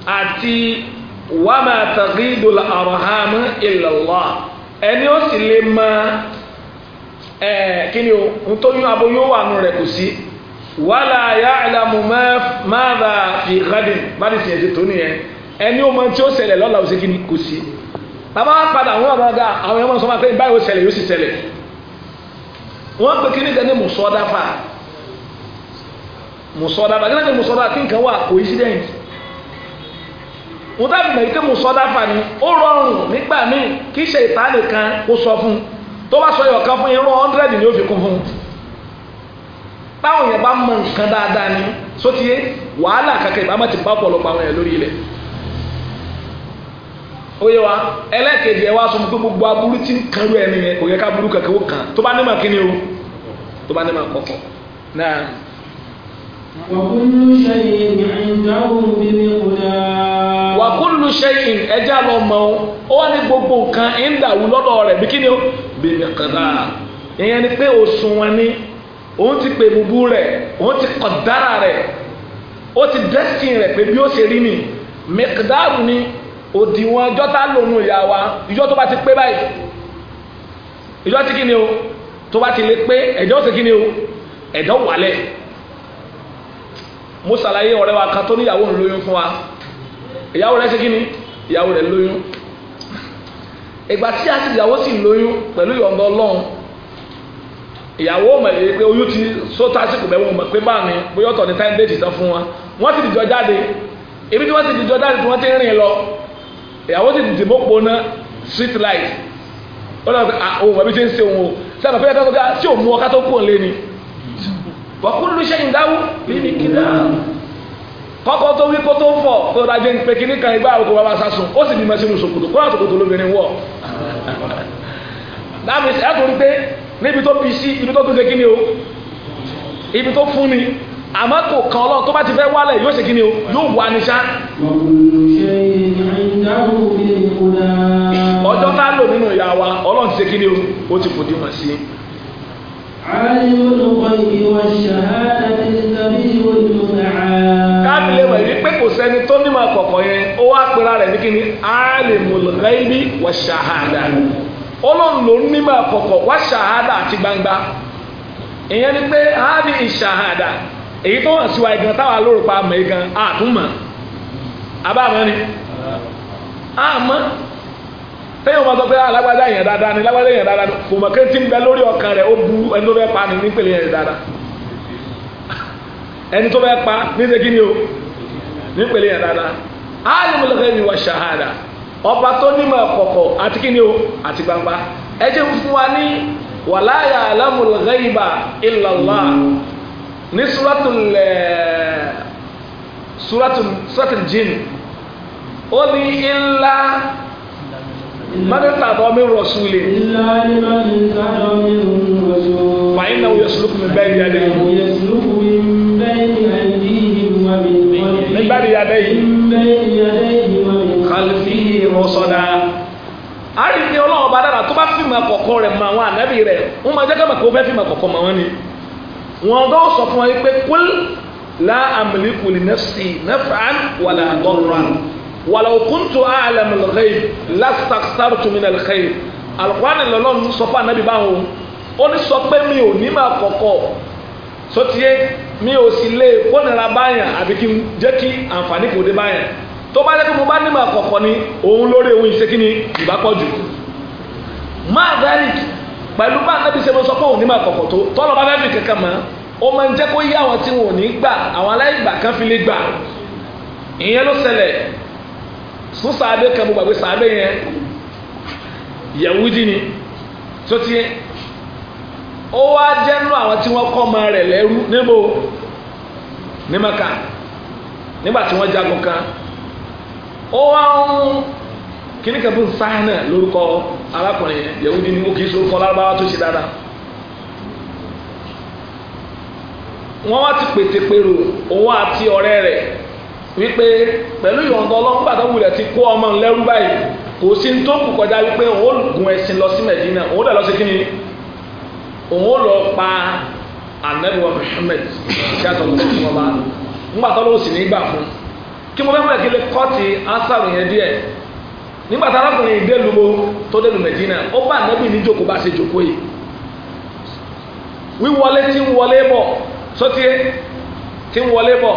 àti wàmà tàgídùl àrùhàm ìlàlá ẹni ó sì lè mọ ẹ kí ni o ntóyún aboyún wà nù rẹ kò sí wàlà yà àlàmù máàdà fi gádìn bá ti sìn ẹsẹ tó nìyẹn ẹni ó mọ tí ó ṣẹlẹ̀ lọ́la ó sì kí ni kò sí bàbá wa padà wọn àwọn ọgá àwọn ọmọ sọmọ akẹ́yìn báyìí ó ṣẹlẹ̀ yóò sì ṣẹlẹ̀ wọn pe kí ni gani musọdafa musọdafa gani musọdafa kí nǹkan wà coincidence mo dábì mọ̀ ike mo sọ dáfà ni ó rọrùn nígbà míì kì í ṣe ìta nìkan ó sọ fún un tó bá sọ yọ̀ọ̀kan fún irú hundred ni ó fi kún fún un táwọn yẹn bá mọ nǹkan dáadáa ni sótìyé wàhálà kankan ìbámu ti bá ọ̀pọ̀lọpọ̀ àwọn yẹn lórí ilẹ̀ oye wa ẹlẹ́kẹ̀dì ẹ wá sọ pé gbogbo aburú ti ń kan ẹni yẹn kò yẹ ká burú kankan ó kàn tó bá ní mà kíni o tó bá ní mà kọ̀kọ̀ náà. وكل شيء عنده بمقدار وكل شيء ẹja lọ mọ ó wà ní gbogbo nǹkan ìdáwù lọ́dọ̀ rẹ̀ bí kíni ó bìmìkàdà ìyẹn ni pé òṣùwọ̀n ni òun ti pè búbú rẹ̀ òun ti kọ̀dára rẹ̀ ó ti dẹ́sìn rẹ̀ pé bí ó ṣe rí ni mìkàdàrú ni òdiwọ̀n ọjọ́ tá lòun ìyá wa ìjọ tó bá ti pé báyìí ìjọ ti kíni o tó bá ti lè pé ẹ̀jọ́ ó ṣe kíni o ẹ̀jọ́ wàlẹ̀ mo ṣàlàyé ọ̀rẹ́ wa kan tó níyàwó ń lóyún fún wa ìyàwó rẹ̀ ṣe kí ni ìyàwó rẹ̀ lóyún ìgbà tí a sì ìyàwó sì lóyún pẹ̀lú ìyọ̀ǹda ọlọ́run ìyàwó mọ̀ èyí pé oyún ti só tásìkò bẹ́ẹ̀ mọ̀ pé báà ní bóyá ọ̀tọ̀ ní time date tán fún wa wọ́n sì dìjọ jáde ibi tí wọ́n sì dìjọ jáde tí wọ́n ti rìn lọ ìyàwó sì dìde mọ́pọ̀ ná street light ó lọ sí àwọn ọmọ bí ń ṣe òun o sábà pé ẹ̀ka ah, ni wàkúlù ṣe ìdáwó bíbí kíndà kọ́kọ́ tó wí kó tó fọ̀ kó dájú ń pe kíní kan ìgbà àrùkù bàbá sásùn ó sì bímọ sínú ṣòkòtò kó láti kòtò lóbìnrin wọ̀ dáàbì ẹ tó rí pé níbi tó bí sí ibi tó tún ṣe kíní o ibi tó fún ni àmọ́ kò kan ọlọ́run tó bá ti fẹ́ wálẹ̀ yóò ṣe kíní o yóò wà ní sá. ọjọ́ tá a lò nínú ìyá wa ọlọ́run ti ṣe kíní o ó ti kò sí i. عالم الغيب والشهادة الكبير المتعال. tó ní ma kọ̀kọ̀ yẹn ó wá pera rẹ̀ ní kíni alimul ghaibi wa shahada ọlọ́run ní ma kọ̀kọ̀ wa shahada àti gbangba ìyẹn ni pé ìṣahada èyí tó sí wa táwa lórúkọ àmọ́ téèyàn máa sọ pé alágbádá ah, èèyàn dáadáa ni alágbádá dáadáa ni kò ń bẹ lórí ọkàn bu ẹni tó fẹ́ pa ni nípele yẹn dáadáa ẹni tó fẹ́ pa ní ṣe kí ni o nípele yẹn dáadáa alimul wa shahada ọba tó nímọ̀ kọ̀kọ̀ àti kí ni o àti gbangba ẹ jẹ́ fún wa ní ní suratul eh, jin, ó ní mọ́tẹ́tà tó mi rọ̀ sùn lè. من náà yẹ sùlùkù mi bẹ́ẹ̀ yá dẹ́. mi bẹ́ẹ̀ yá dẹ́ yìí. kàlùfì rọ̀sọ̀dá. a rí ní ọlọ́run bá dára tó bá fìmọ̀ àkọ́kọ́ rẹ̀ mọ àwọn ànábì rẹ̀ wọ́n máa jẹ́ kí wọ́n fẹ́ fìmọ̀ àkọ́kọ́ mọ̀ wọ́n ni. wọ́n gbọ́ sọ fún wa pé kúl láàmìlíkù lè nẹ́fṣì nẹ́fṣàn wàlà àdọ́rùn-ún wàlọ́ kúntù àlẹ́mù lẹ́yìn lásìtàkìtàrù tùmí nà lẹ́yìn alùpàdé lọ́lọ́run sọ fún anábì báwọn ó ní sọ pé mi ò ní máa kọ̀kọ̀ sọtíye mi ò sì lè kónira báyà àbí kí n jẹ́ kí àǹfààní kò dé báyà tó bá lẹ́kọ̀ọ́ mo bá ní máa kọ̀kọ̀ ni òun lórí òun ìṣe kí ni ìbá pọ̀ jù máa garlic pẹ̀lú bá anábì ṣe mo sọ pé òun ní máa kọ̀kọ̀ tó tọ́lọ̀ bá fẹ́ fi kankan mọ́ ó máa ń jẹ́ kó yí àwọn tí wọn ò ní gbà àwọn aláìgbà kan fi lè gbà ìyẹn ló ṣẹlẹ̀ fún sàábé kan mo gbàgbé sàábé yẹn Yahudi ni tó ti yẹn ó wá jẹ́ nú àwọn tí wọ́n kọ́ ọmọ rẹ̀ lẹ́rú níbo ní Maka nígbà tí wọ́n jagun kan ó wá ń kíní kan fún sáhánà lórúkọ arákùnrin yẹn Yahudi ni mo kì í sorúkọ lárúbáwá tó ṣe dáadáa wọ́n wá ti pètèpèrò òun àti ọ̀rẹ́ rẹ̀ wípé pẹ̀lú ìyọ̀ǹda ọlọ́run gbàtọ́ wulẹ̀ ti kó ọmọ ńlẹ́rú báyìí kò sí ní tó kù kọjá wípé òun ó gun ẹṣin lọ sí Mẹdínà òun dẹ̀ lọ sí kíni òun lọ pa anabiwa Muhammad ṣáàtọ̀ lọ́wọ́ fún ọba ńgbàtọ́ ló sì ní gbà fún kí mo fẹ́ mọ̀ kí lè kọ́ọ̀tì ásàrò yẹn díẹ̀ nígbàtà arákùnrin ìdélùmọ́ tó délù Mẹdínà ó bá anabi níjókòó bá ṣe jókòó yìí wíwọlé tí ń wọlé bọ̀ sótíé tí ń wọlé bọ̀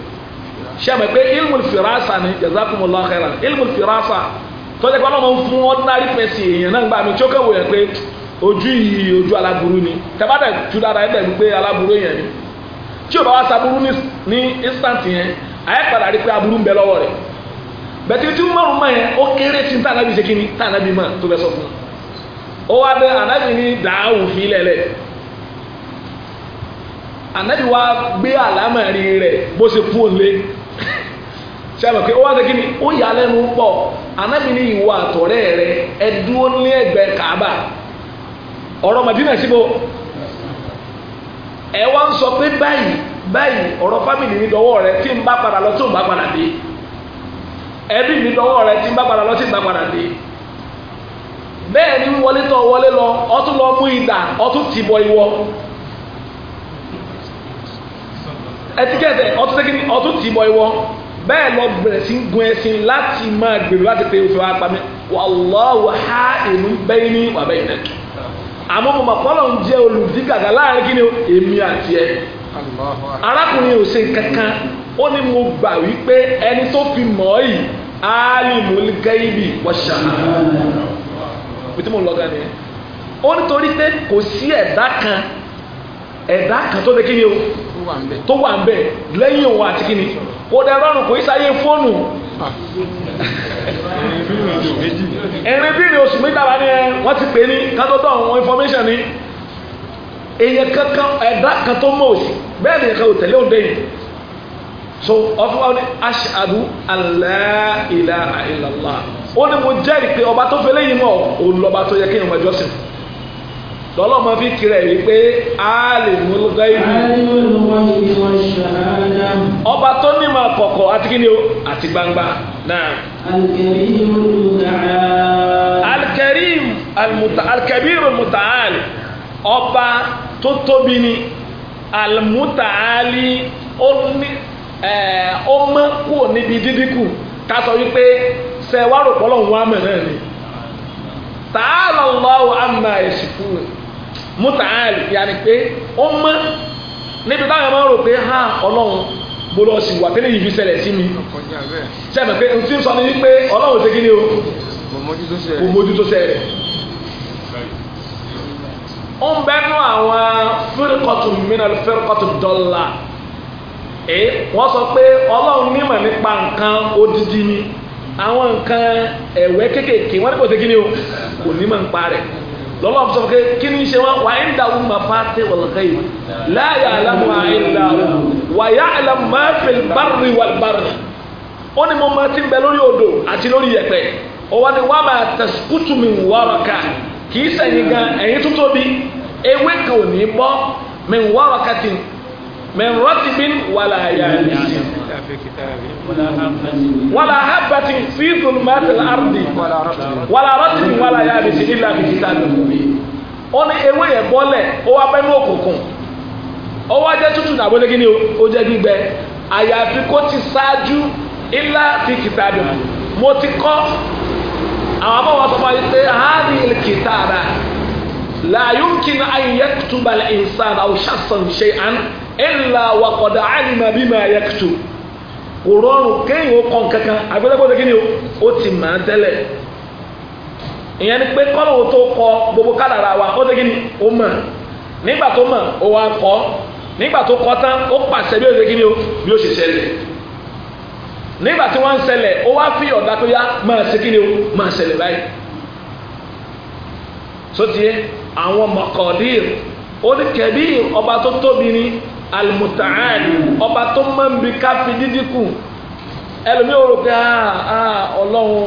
sẹ́mi pé ilmul firasa ni jazakumullahu khairan ilmul firasa tọ́jà pé ọlọ́mọ ń fún ordinary person èèyàn náà gbà mí tí ó kẹ́wò yẹn pé ojú yìí ojú aláburú ni tẹ́bàdà tú dára ẹ̀dẹ̀ wípé aláburú èèyàn ni tí o bá wá saburú ní instant yẹn àyẹ̀ padà rí pé aburú ń bẹ lọ́wọ́ rẹ̀ bẹ̀tí tí márùn mọ́ yẹn ó kéré tí tànàbí ṣe kíni tànàbí mọ́ tó bẹ sọ fún un ó wá bẹ ànábì ní dàáwù fi lẹ̀lẹ̀ ànábì wá gbé àlámọ̀ rí rẹ̀ bó ṣe fún òun lé sẹ́wọ̀n pé ó wá sẹ́kí ó yà á lẹ́nu pọ̀ anábì ní ìwọ àtọ̀rẹ́ rẹ ẹ ní ẹgbẹ́ kàába ọ̀rọ̀ màdínà síbo ẹ wá ń sọ pé báyìí báyìí ọ̀rọ̀ fámìlì mi dọwọ́ rẹ tí n bá padà lọ tí n bá padà dé ẹbí mi dọwọ́ rẹ tí bá padà lọ tí bá padà dé bẹ́ẹ̀ ni wọlé wọlé lọ ọtún ẹtíkẹ́tẹ̀ ọtún ṣe kí ni ọtún tì mọ ìwọ bẹ́ẹ̀ lọ bẹ̀rẹ̀ sí gun ẹṣin láti máa gbèrò láti pe òfin wa pa mí wallahu ha ìlú bẹ́ẹ̀ ní wà bẹ́ẹ̀ nẹ́kì àmọ́ mo mọ̀ kọ́lọ̀ ń jẹ́ olùdígàgà láàrin kí ni èmi àti ẹ arákùnrin ò ṣe kankan ó ní mo gbà wípé ẹni tó fi mọ̀ ọ́ yìí alimul gaibi wa shahada bí tí mo lọ gan ni ó nítorí pé kò sí ẹ̀dá kan ẹ̀dá kan tó ṣe kí ni o tó wà ń bẹ̀ lẹ́yìn òun àti kí ni kò dẹ̀ rọrùn kò í sáyé fóònù ẹ̀rin bí oṣù mẹ́tàlá ni wọ́n ti pè ní kátọ́tọ́ àwọn information ni èyàn kankan ẹ̀dá kan tó mọ̀ òsì bẹ́ẹ̀ ni ẹ̀ka ò òun dẹ́yìn so ọfọwọ́ ni aṣáàdù aláìláà ìlàlá ó ní mo jẹ́rìí pé ọba tó fẹ́ lẹ́yìn mọ́ òun lọ́ba tó yẹ kí n wọ́n ẹjọ́ sìn lọ́lọ́ máa fi kiri ẹ̀ wípé alimul ghaibi ọba tó ní ma kọ̀kọ̀ àti kí ni o àti gbangba náà. alkarim alkabiru mutaali ọba tó tóbi ni almutaali ó ní ó mọ́ kúrò níbi dídíkù ká sọ wípé sẹ́wárò pọ́lọ́ ń wá mọ̀ náà ni. تعالى الله عما يشركون mutaali ya ni pé ó mọ́ níbi táwọn máa ń rò pé ha ọlọ́run mo lọ sí wà tẹ́lẹ̀ yìí fi ṣẹlẹ̀ sí mi sẹ́mi pé n ti sọ ni wípé ọlọ́run ṣe kí ni o kò mójútó sẹ́rẹ̀ ó ń bẹ́nu àwọn fírikọ́tù mìíràn fírikọ́tù dọ́là èé wọ́n sọ pé ọlọ́run nímọ̀ nípa nǹkan odidi ni àwọn nǹkan ẹ̀wẹ́ kéékèèké wọ́n ní kò ṣe kí ni o kò nímọ̀ nípa rẹ̀ lọ́wọ́ sọ pé kí ni ṣe wọn wà ń dàrú ma fa tẹ wọ́n kẹ́ yìí láyà alamu à ń dàrú wà yà alamu máa fi bari wà bari ó ní mo máa ti bẹ lórí odò àti lórí yẹ̀pẹ̀ ó wá ní wà máa tẹ̀síkútù kì í sẹ́yìn gan ẹ̀yìn tó tóbi ewé kan ní bọ́ mi wọ́ọ̀rọ̀ ti من رطب ولا يابس ولا هبة في ظلمات الأرض ولا رطب ولا يابس إلا في كتاب مبين ó ní ewé yẹn bọ́lẹ̀ ó wá bẹ́ẹ̀ ní òkùnkùn ó wá jẹ́ tútù ní àbọ̀lẹ́gí ni ó jẹ́ gbígbẹ àyàfi kó ti ṣáájú ilá fi kìtà dùn mo ti kọ́ àwọn abọ́wọ́ sọ fún mi pé hàbí kìtà rà láyùnkì ní ayẹyẹ túbalẹ̀ ìsàn àwòṣàṣàn ṣe àná illa wa qad alima bima yaktub kò rọrùn kéèyàn ó kàn kankan àgbẹ̀dẹ́gbọ́dẹ́ kí ni ó ti máa tẹ́lẹ̀ ìyẹn ni pé kọ́lọ́wọ́ tó kọ gbogbo kádàrà wa ó ti kí ni ó mọ̀ nígbà tó mọ̀ ó wá kọ́ nígbà tó kọ́ tán ó pàṣẹ bí ó ti kí ni ó bí ó ṣe ṣẹlẹ̀ nígbà tí wọ́n ń ṣẹlẹ̀ ó wá fi ọ̀dà pé yá máa ṣe kí ni ó máa ṣẹlẹ̀ báyìí sótìyẹ àwọn mọ̀kọ́dìr ó ní kẹ̀bí ọba tó tóbi ni Almutaali ọba tó máa ń bi ká fi dídí kù ẹlòmíì ò rò pé ah, ah, ọlọ́run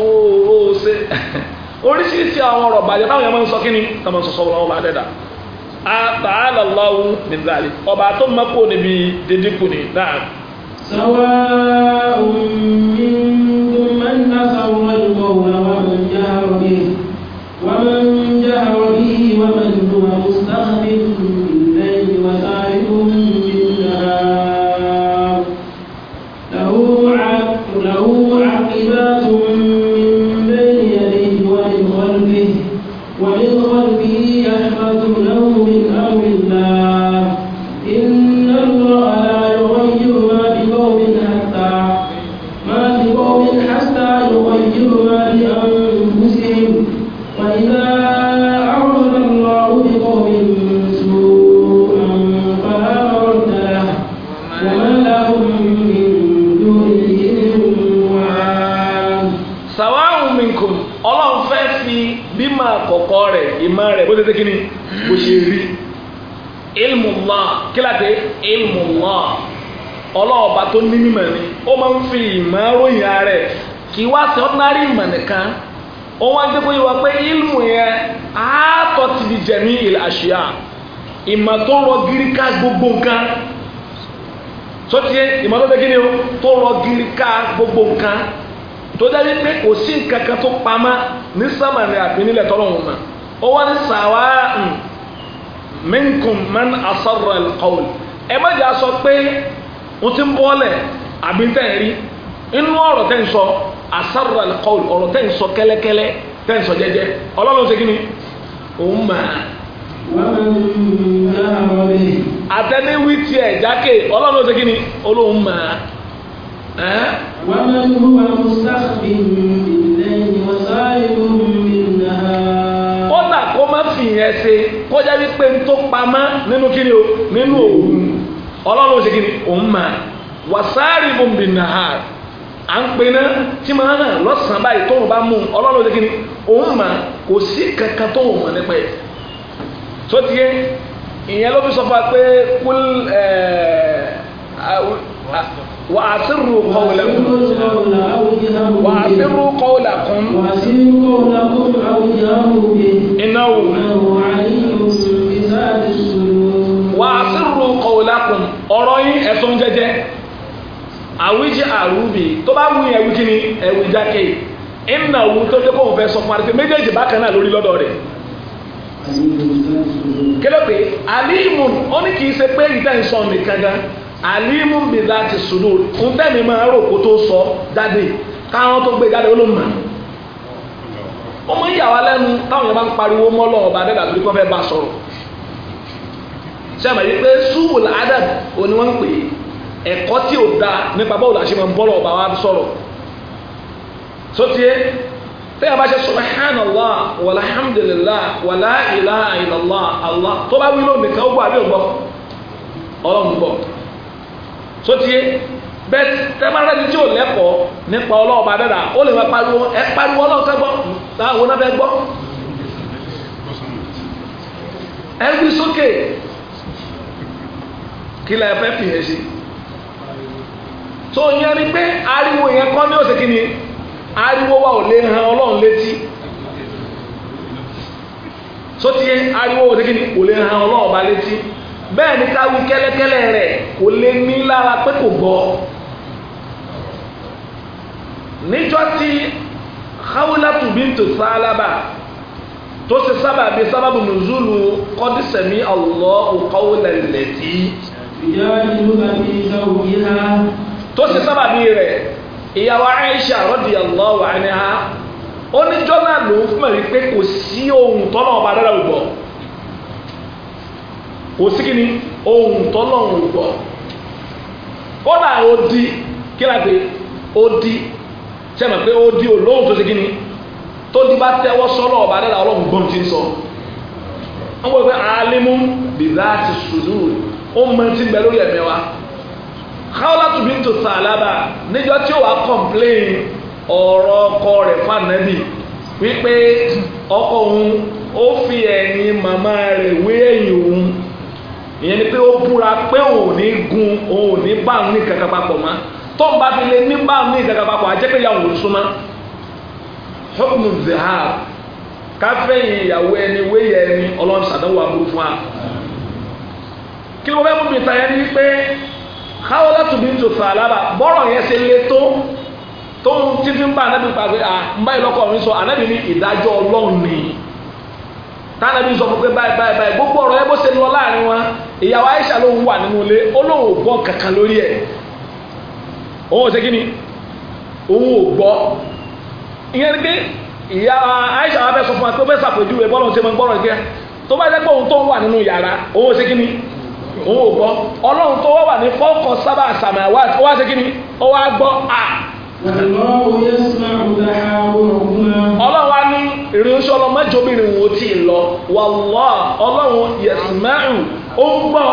ó ṣe oríṣiríṣi àwọn ọ̀rọ̀ bàjẹ́ táwọn yẹn máa ń sọ kíni táwọn sọ sọ́wọ́ ọba dẹ́dà àtàlọ́lọ́wù nìdàlẹ̀ ọba tó máa kó níbi dídí kù ní náà. sọ́wọ́ omi ń gbọ́n mẹ́ta sọ́wọ́ ìwọ̀n wọn. bó ṣe kí ni hmm. bó ṣe rí ilmullah kí láti ilmullah ọlọ́ọ̀ba tó ní mímọ̀ ni ó máa ń fi ìmọ̀ ròyìn ààrẹ kì í wá sí ọ́dínárì ìmọ̀ nìkan ó wá ń dé bóyá wá pé ilmu yẹn àátọ́ ti di jẹ̀mí ìlàṣíà ìmọ̀ tó rọ gírí ká gbogbo nǹkan sọ́tí ìmọ̀ tó dẹ́gí ni ó tó rọ gírí ká gbogbo nǹkan tó dẹ́ wípé kò sí nǹkan kan tó pamọ́ ní sámàrì àbí nílẹ̀ náà ó wá ní sàwáàrùn minkum man asarra alqawl ẹ má jà sọ pé wọ́n ti ń bọ́ọ̀lẹ̀ àbí tẹ̀ ń rí inú ọ̀rọ̀ tẹ̀ ń sọ asarra alqawl ọ̀rọ̀ tẹ̀ ń sọ kẹ́lẹ́kẹ́lẹ́ tẹ̀ ń sọ jẹ́jẹ́ ọlọ́run ṣe kí ni òun máa àtẹniwí tí ẹ jákè ọlọ́run ó ṣe kí ni olóhùn máa. wàmẹ́nu wà yẹn ṣe kọjá wípé ń tó pamọ́ nínú kíni o nínú òun ọlọ́run ṣe kíni òun mà wàsáàrì bòmbì nàá à ń pe náà tí màá hàn lọ́sàn-án báyìí tóun bá mú ọlọ́run ṣe kíni òun mà kò sí kankan tóun mọ̀ nípa ẹ̀ tó ti yẹ ìyẹn ló fi sọ fún wa pé kúl ẹ̀ẹ́ وأسروا قولكم وأسروا قولكم إنه وأسروا قولكم ọ̀rọ̀ yín ẹ̀sùn jẹ́jẹ́ àwíjì àrùbí tó bá wù yín ẹ̀wí kíni ẹ̀wí jákè ìnà òwú tó dé kóhùn fẹ́ sọ fún àti méjèèjì bákan náà lórí lọ́dọ̀ rẹ̀ kí ló pé alimun ó ní kì í ṣe pé ìdá ìsọ̀ nìkan gan-an alimu bìlá ti sùnú ń tẹ́mi máa rò kó tó sọ jáde káwọn tó gbé jáde ó ló mọ̀ ó mọ ìyàwó alẹ́nu táwọn yẹn bá ń pariwo mọ́lọ́ ọba dẹ́gbà tó kọ́ fẹ́ bá sọ̀rọ̀ sẹ́mi yìí pé súwùl adam òní wọ́n ń pè é ẹ̀kọ́ tí ò da nípa báwo la ṣe máa ń bọ́lọ̀ ọba wa sọ̀rọ̀ sotie tẹ́yà bá ṣe subhanallah walhamdulillah wala ilaha illallah allah tó bá wí lónìí kan ó gbọ́ àbí ògbọ́ ọlọ́run gbọ́ sotie bẹ́ẹ̀ tẹ́mọ́rẹ́ ti tí ò lẹ́kọ̀ọ́ nípa ọlọ́ọ̀bá dẹ́dà ó lè máa pariwo ẹ pariwo ọlọ́ọ̀kẹ́ gbọ́ láwọn náà fẹ́ gbọ́ ẹ wí sókè kí lẹ fẹ́ fi hẹ̀ sí tó yẹn ni pé ariwo yẹn kọ́ ní òsè kìíní ariwo wa ò lè han ọlọ́run létí sotie ariwo òsè kìíní ò lè han ọlọ́ọ̀bá létí bẹ́ẹ̀ ni káwí kẹ́lẹ́kẹ́lẹ́ rẹ̀ kò lè ní lára pé kò gbọ́ níjọ́ tí Khawlatu bintu Thalaba tó ṣe sábà bíi sábàbù nùzúlù qad sami Allahu qawla allati. ìyá ìlú àti ìjà òbí ha. tó ṣe sábà bíi rẹ̀ ìyàwó Aisha radiyallahu anha ó ní jọ́nà ló fún mi pé kò sí ohun tọ́lọ́ ọba dára gbọ́ kò sí kíni ohun tọ́lọ́hún gbọ́ kódà odi kí la pé odi sẹ́mi pé odi olóhùn tó sí kíni tó di bá tẹ́wọ́ sọ́lọ́ ọ̀bà dẹ́la ọlọ́hún gbọ́n ti ń sọ wọ́n gbọ́ pé alimu bìlá ti sùdù ó mọ ti ń bẹ lórí ẹ̀mí wa káwọ́lá tùbí ń tò sàlábà níjọ́ tí ó wàá kọ̀m̀pléìn ọ̀rọ̀ ọkọ rẹ̀ fànẹ́bì wípé ọkọ òun ó fi ẹ̀yìn màmá rẹ̀ wé ẹ̀yìn òun ìyẹn ni pé ó búra pé òun ò ní gun òun ò ní bá òun ní kankan papọ̀ mọ́ tó ń bá fi lé ní bá òun ní kankan papọ̀ àjẹpẹ́ ìyàwó ń súnmọ́ hukmu zihar káfẹ́yìn ìyàwó ẹni wéyẹ ẹni ọlọ́run ṣàdánwò aburú fún wa kí ló fẹ́ mú mi ta yẹn ni pé káwọ́ láti bí tó fà lára bọ́rọ̀ yẹn ṣe lé tó tó ń tí fi ń bá anábì pàṣẹ à ń ah, báyìí lọ́kọ̀ mi sọ anábì ní ìdájọ́ ọlọ́run nìyí tánàbí sọ fún pé báyìí báyìí báyìí gbogbo ọ̀rọ̀ ẹ bó ṣe lọ láàrin wọn ìyàwó Aisha ló ń wà nínú ilé ó gbọ́ kankan lórí ẹ̀ òun ò ṣe kí ni òun ò gbọ́ ìyẹn ni pé ìyá Aisha wa fẹ́ sọ fún wa pé ó fẹ́ ṣàpèjúwe bọ́lọ̀ ṣe máa gbọ́rọ̀ jẹ́ tó bá jẹ́ pé òun tó wà nínú yàrá òun ò ṣe kí ni òun ò gbọ́ ọlọ́run tó wà ní fọ́ọ̀kọ̀ sábà sàmì àwáṣe ìrè oṣù ọlọmọjọ obìnrin wo ti lọ wàlọ Ọlọ́run yẹsùmáàrù ó ń gbọ́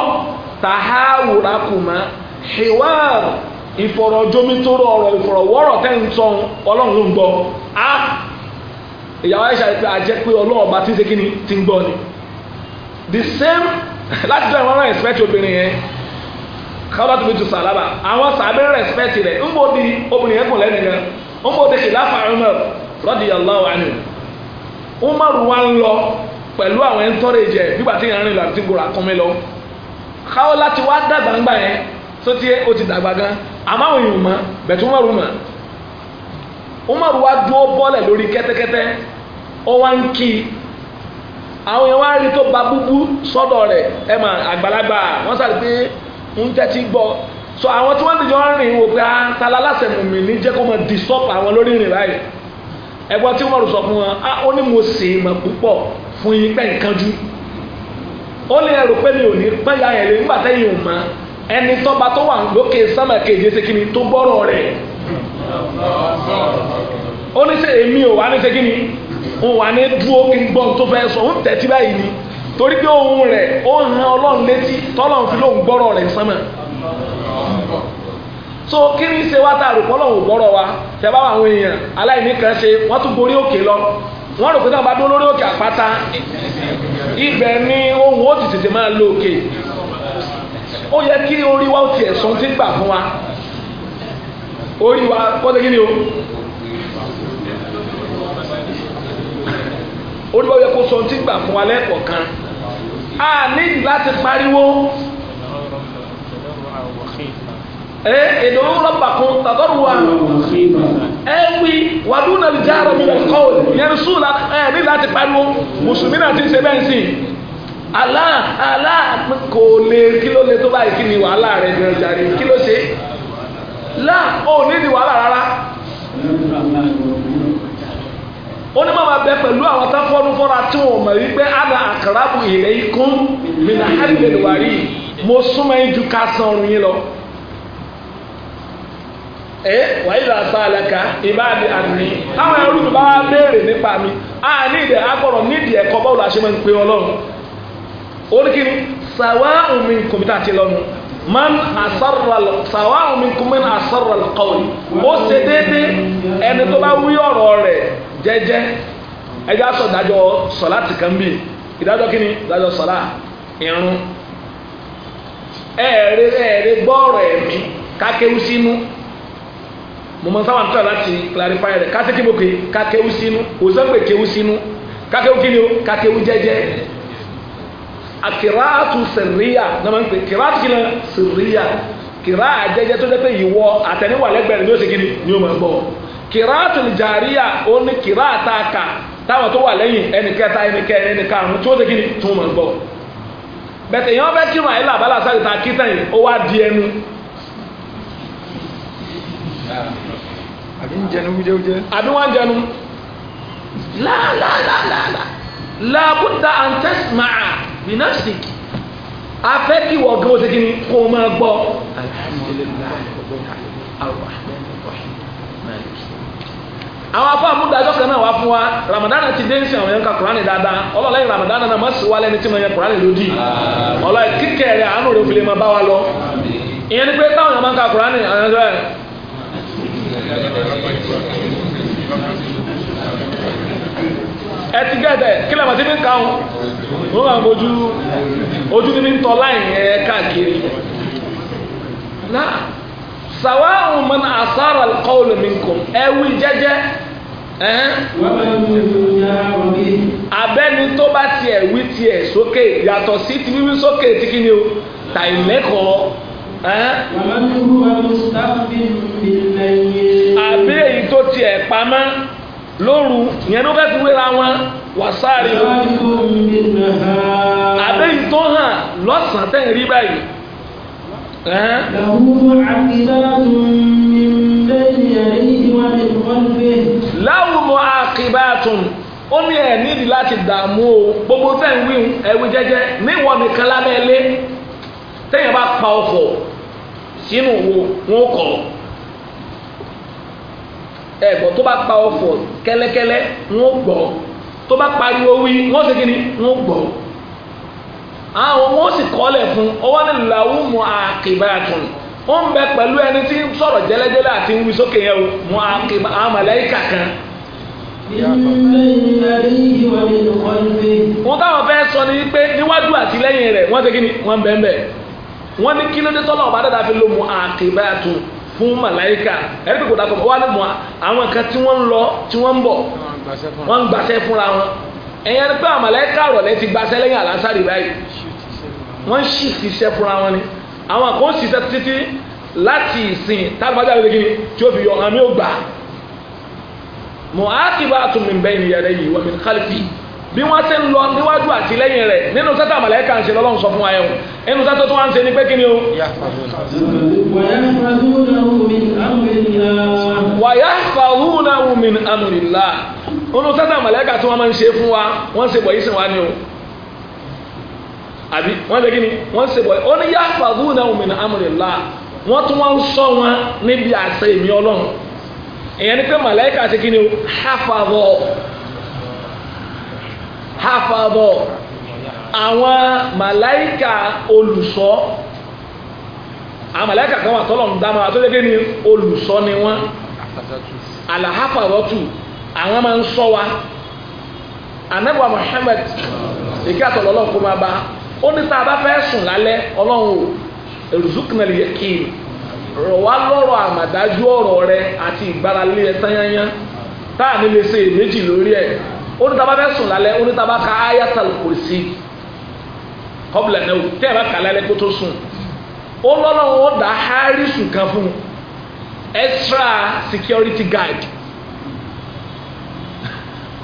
tàháwùrákùmá hiwar ìfọ̀rọ̀jomitoro ọ̀rọ̀ ìfọ̀rọ̀wọ́rọ̀ tẹ́ ń tán Ọlọ́run ló ń gbọ́ á ìyàwó àyíṣà ìpè àjẹ pé Ọlọ́run ọba tí ń ṣe kí ni ti ń gbọ́ ni the same láti dán ìwọ́n respect obìnrin yẹn káwọn tó fi tu sàlábà àwọn sàbẹ̀ respect rẹ̀ ń bò di obìnrin yẹn kùn lẹ́nu gan ń bò di kìláfà Umar radiyallahu anhu Umar wa ń lọ pẹ̀lú àwọn ẹ̀ńtọ́rẹ̀jì ẹ̀ nígbà tí ìrìn àrìnlọ àti gbòòrò àkọ́mẹ́ lọ káwọ́ láti wá dàgbà ńgbà yẹn tó tiẹ̀ ó ti dàgbà gan àmọ́ àwọn èèyàn mọ̀ bẹ̀tú Umar mọ̀ Umar wa dúró bọ́lẹ̀ lórí kẹ́tẹ́kẹ́tẹ́ ó wá ń kí àwọn èèyàn wá rí tó ba búbú sọ́dọ̀ rẹ̀ ẹ̀ mà àgbàlagbà wọ́n sàrí pé ń tẹ́tí gbọ́ so àwọn tí wọ́n ti jọ rìn wò pé ah tala mùmí ní jẹ́ kó mọ disturb àwọn lórí ìrìn báyìí ẹgbọ́n tí wọ́n sọ fún wọn ah, ó ní mo sì mọ̀ púpọ̀ fún yín pẹ́ nǹkan jú ó lè rò pé mi ò ní pẹ́ ya ẹ̀rẹ́ nígbà tẹ́yìn ò mọ̀ ẹni tọ́ba tó wà lókè sámà kejì ṣe kí ni tó gbọ́rọ̀ rẹ̀ ó ní sẹ èmi ò wá ní ṣe kí ni òun wà ní dúró kí n gbọ́n tó fẹ́ sọ òun tẹ̀tí báyìí ni torí pé ohun rẹ̀ ó han ọlọ́run létí tọ́lọ́run fi lóun gbọ́rọ̀ rẹ̀ sámà so kiri ni ṣe wá tààrù kọ́ lọ́hùn gbọ́rọ̀ wa ṣe bá àwọn èèyàn aláìní kan ṣe wọ́n tún gorí òkè lọ wọ́n rò pé náà bá dúró lórí òkè àpáta ibẹ̀ ni ohun ó ti tètè máa lo òkè ó yẹ kí orí wa ó ti ẹ̀sán tí ń gbà fún wa orí wa kọ́ kí ni o orí wa ó yẹ kó sọ tí ń gbà fún wa lẹ́ẹ̀kọ̀ọ̀kan a ní láti pariwo. ادعوا ربكم تضرعا ẹwì wàdúnà jára mi lẹkọ yẹnsu la ẹ ní láti pariwo mùsùlùmí náà ti ń ṣe bẹ́ẹ̀ sí àlá àlá kò lè kí ló lè tó báyìí kí ni wàhálà rẹ ní ọjà rẹ kí ló ṣe là ò ní di wàhálà rárá ó ní bàbá bẹ pẹ̀lú àwọn tá fọ́nú fọ́ra tí wọ́n mọ̀ wípé àgbà àkàrà bu ìrẹ́ ikún mi náà hàlẹ́ wàrí mo súnmọ́ ẹ̀jú ká san ọ̀run yín lọ ẹ wàyí là sá àlàkà ìbáàdì àmì àwọn ẹrú mi bá béèrè nípa mi a ní ìdẹ agbọrọ nídìí ẹ̀kọ́ báwo la ṣe máa ń pe Ọlọ́run oríkì sàwá omi kòmítà ti lọnu man asarral sàwá omi kòmítà asarral kọwé ó ṣe déédéé ẹni tó bá wí ọ̀rọ̀ rẹ̀ jẹ́jẹ́ ẹjọ́ aṣọ ìdájọ́ sọlá ti kàn bí ìdájọ́ kí ni ìdájọ́ sọlá irun ẹẹrẹ ẹẹrẹ gbọrọ ẹmí kákéwú sínú mo máa sábà tọ́ láti clarify rẹ̀ kásẹ̀ kí mo pè kakewu sínú òsèpè kewu sínú kakewu kí ni o kakewu jẹ́jẹ́ akiraatu sirriya náà máa ń pè kiraatu kí ni sirriya kiraa jẹ́jẹ́ tó dẹ́pẹ́ ìwọ àtẹniwà lẹ́gbẹ̀rẹ̀ ni ó sì kí ni ni ó máa gbọ́ kiraatu jàríya ó ní kiraa tá a kà táwọn tó wà lẹ́yìn ẹnìkẹta ẹnìkẹrin ẹnìkarùn tí ó sì kí tó máa gbọ́ bẹ̀tẹ̀ yẹn wọ́n fẹ́ kírun àyílà abala sáré ta kí tẹ̀yìn ó wá di ẹnu ń jẹnu wújẹwújẹ. àbí wọ́n ń jẹnu láàláàláàlá làbúdà àǹtẹ̀sìmáà bìnásìkì afẹ́ kí wọ́n gbọ́ ṣe kí ni kó o máa gbọ́. àwọn afọ àmúdájọ́ kan náà wá fún wa Ramadan ti dé nsìn àwọn yẹn ka Kùránì dáadáa ọlọ́lá Ramadan náà má sì wá lẹ́ni tí mo yẹ Kùránì lòdì ọlọ́lá kíkẹ́ rẹ̀ àánú rẹ̀ òfìlẹ̀ máa bá wa lọ ìyẹn ni pé táwọn yẹn máa ń ka Kùránì àwọn yẹn ẹ ti gẹ́gẹ́ kí lẹ́mọ̀ tí fi ń kàún wọ́n máa mojú ojú ní ń tọ́ láì ẹ káàkiri náà sàwáhùn mọ́nà àsára kọ́ọ̀lù mi kò ẹwí jẹ́jẹ́ abẹ́ni tó bá tiẹ̀ wí tiẹ̀ sókè yàtọ̀ sí ti wíwí sókè tí kí ni o tàìlẹ́kọ̀ọ́ àbí èyí tó tiẹ̀ pamọ́ lóru yẹn ló fẹ́ fi wéra wọn wàsáàrí o àbí èyí tó hàn lọ́sàn-án tẹ̀ ń rí báyìí. láwùmọ̀ àkìbátùn ó ní ẹ̀ nídìí láti dààmú o gbogbo tẹ̀ ń wí ẹ̀wí jẹ́jẹ́ níwọ̀n nìkan lábẹ́ ilé tẹ̀yìn bá pa ọkọ̀ sínú wo wọn kọ̀ ẹ̀gbọ́n tó bá pa ọ̀fọ̀ kẹ́lẹ́kẹ́lẹ́ wọn gbọ́ tó bá pariwo wí wọn ṣe kíni wọn gbọ́ àwọn wọn sì kọ́lẹ̀ fún ọwọ́ ní làwọn mọ àkìbàtún ó ń bẹ pẹ̀lú ẹni tí ń sọ̀rọ̀ jẹ́lẹ́jẹ́lẹ́ àti ń wí sókè yẹn o mọ àkìbà àmàlẹ́kà kan wọ́n táwọn fẹ́ sọ ni pé níwájú àti lẹ́yìn rẹ̀ wọ́n ṣe kí ni wọ́n bẹ́ẹ̀ bẹ́ẹ̀ wọ́n ní kí ló dé tọ́lọ̀ ọba dáadáa fi lo mu àkìbáàtù fún màláìka ẹ̀rí pé kò dákọ̀ wọ́n ní mu àwọn kan tí wọ́n ń lọ tí wọ́n ń bọ̀ wọ́n ń gbàṣẹ́ fúnra wọn ẹ̀yẹn ni pé àmàláìka rọ̀lẹ́ ti gbàṣẹ́ lẹ́yìn àlásàrì báyìí wọ́n ń ṣì ṣiṣẹ́ fúnra wọn ni àwọn kan ń ṣiṣẹ́ títí láti ìsìn tágbájá lè gíní tí ó fi yọ àmì ògbà mu àkìbáàtù min bayni yadayhi wa min khalfihi bí wọ́n ṣe ń lọ níwájú àti lẹ́yìn rẹ̀ nínú sátà màláíkà ń ṣe lọ́lọ́run sọ fún ayẹ̀wò nínú sátà tó wá ń ṣe ní pé kí ni o. wàyà fàlúùnà min amrìlá nínú sátà màláíkà tí wọ́n máa ń ṣe fún wa wọ́n ṣe bọ̀ yìí sìn wá ni o. àbí wọ́n ṣe kí ni wọ́n ṣe bọ̀ ó ní yà fàlúùnà min amrìlá wọ́n tún wọ́n sọ wọn níbi àṣẹ ìmí ọlọ́run ìyẹn ni pé màláíkà ṣe kí ni o hafadọ̀ àwọn màláìkà malaika àwọn màláìkà kan wà tọ́lọ̀ ń dá máa tó lé ni wọ́n àlàáfàdọ́tù àwọn máa ń ṣọ́ wa anábọ̀ Muhammad èké àtọ̀lọ́lọ́ kó máa bá ó ní tá bá fẹ́ sùn lálẹ́ ọlọ́run ò rùzùkùnà kí rọ̀ wá lọ́rọ̀ àmàdájú ọ̀rọ̀ rẹ àti ẹ ní lè èméjì lórí onítàbá fẹ́ sùn lálẹ́ onítàbá ka ayatal kursi kọ́bùlà náà tẹ́ ẹ bá kà lálẹ́ kó tó sùn ó lọ́nà wọn dà kan fún extra security guide.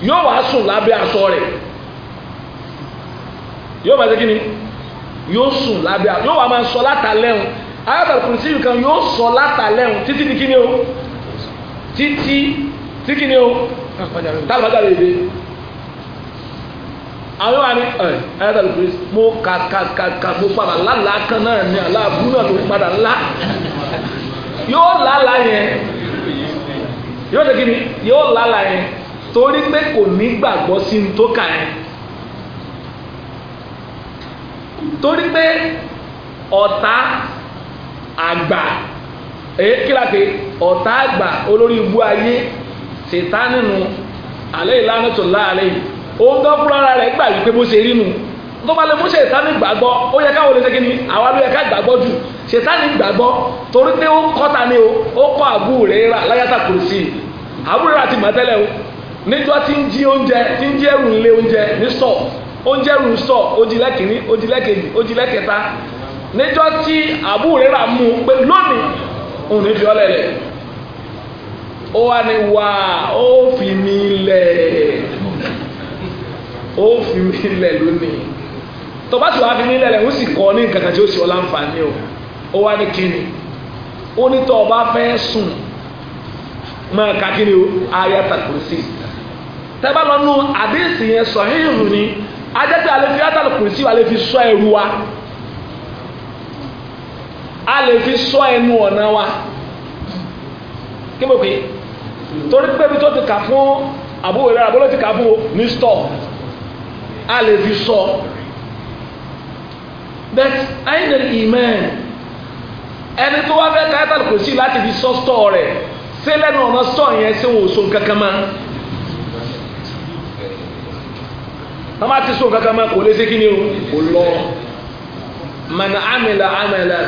yóò wá sùn lábẹ́ aṣọ rẹ̀ yóò máa ṣe kí ni yóò sùn lábẹ́ yóò wá máa sọ látàlẹ́hùn ayatal kursi kan yóò sọ látàlẹ́hùn títí ní kí ni o Titi tí kí ni o tálùbájá lè dé àwọn wa ni ẹ ayatollah lukuri mo ka ka ka ka mo padà lálà kan náà ni aláàbù náà ló padà lá yóò lálà yẹn yóò dé kíni yóò lálà yẹn torí pé kò ní gbàgbọ́ sí ní tó kà yẹn torí pé ọ̀tá àgbà èé kíláàpé ọ̀tá àgbà olórí ibú ayé ṣètánì nu alẹ́ ìlànà tó lá alẹ́ yìí òun gan fúnra rẹ̀ gbà wípé bó ṣe rí nu tó bá lè mú ṣètánì gbàgbọ́ ó yẹ káwọn olóṣèké ni àwa ló yẹ ká gbàgbọ́ jù ṣètánì gbàgbọ́ torí pé ó kọ́ ta ni o ó kọ́ àbú rẹ̀ rà láyàtà kò sí àbú rẹ̀ rà ti mọ̀ tẹ́lẹ̀ o níjọ́ tí ń jí oúnjẹ tí ń jí ẹrù ńlé oúnjẹ ní sọ oúnjẹ ẹrù ń sọ ojìlẹ́kìnní ojìlẹ́kejì ojìlẹ́kẹta níjọ́ tí àbú rẹ̀ rà mú pé lónìí òun ní fi ọ́ ó wá ní wá ó fi mí lẹ̀ ó fi mí lẹ̀ lónìí tó bá ti wá fi mí lẹ̀ lẹ̀ ń sì kọ́ ní nǹkan tí ó sì ọ́ láǹfààní o ó wá ní kíni ó ní tó o bá fẹ́ sùn máa ka kíni o ayatul kursi tẹ́bá lọ nú yẹn ni ajẹ́tẹ́ alẹ́ fi wa lè sọ wa a lè fi sọ ẹnu ọ̀nà wa kí torí pé bí tó ti kà fún àbúrò rẹ̀ àbúrò ti kà fún ní stọ̀ a lè fi sọ but aina iman ẹni tó wá fẹ́ ká ẹ́tàlù kò sí láti fi sọ stọ̀ rẹ̀ sí lẹ́nu ọ̀nà stọ̀ yẹn sí wọn ò so kankan mọ́ wọ́n bá ti so kankan mọ́ kò lè ṣe kí ni o kò lọ mana amila amila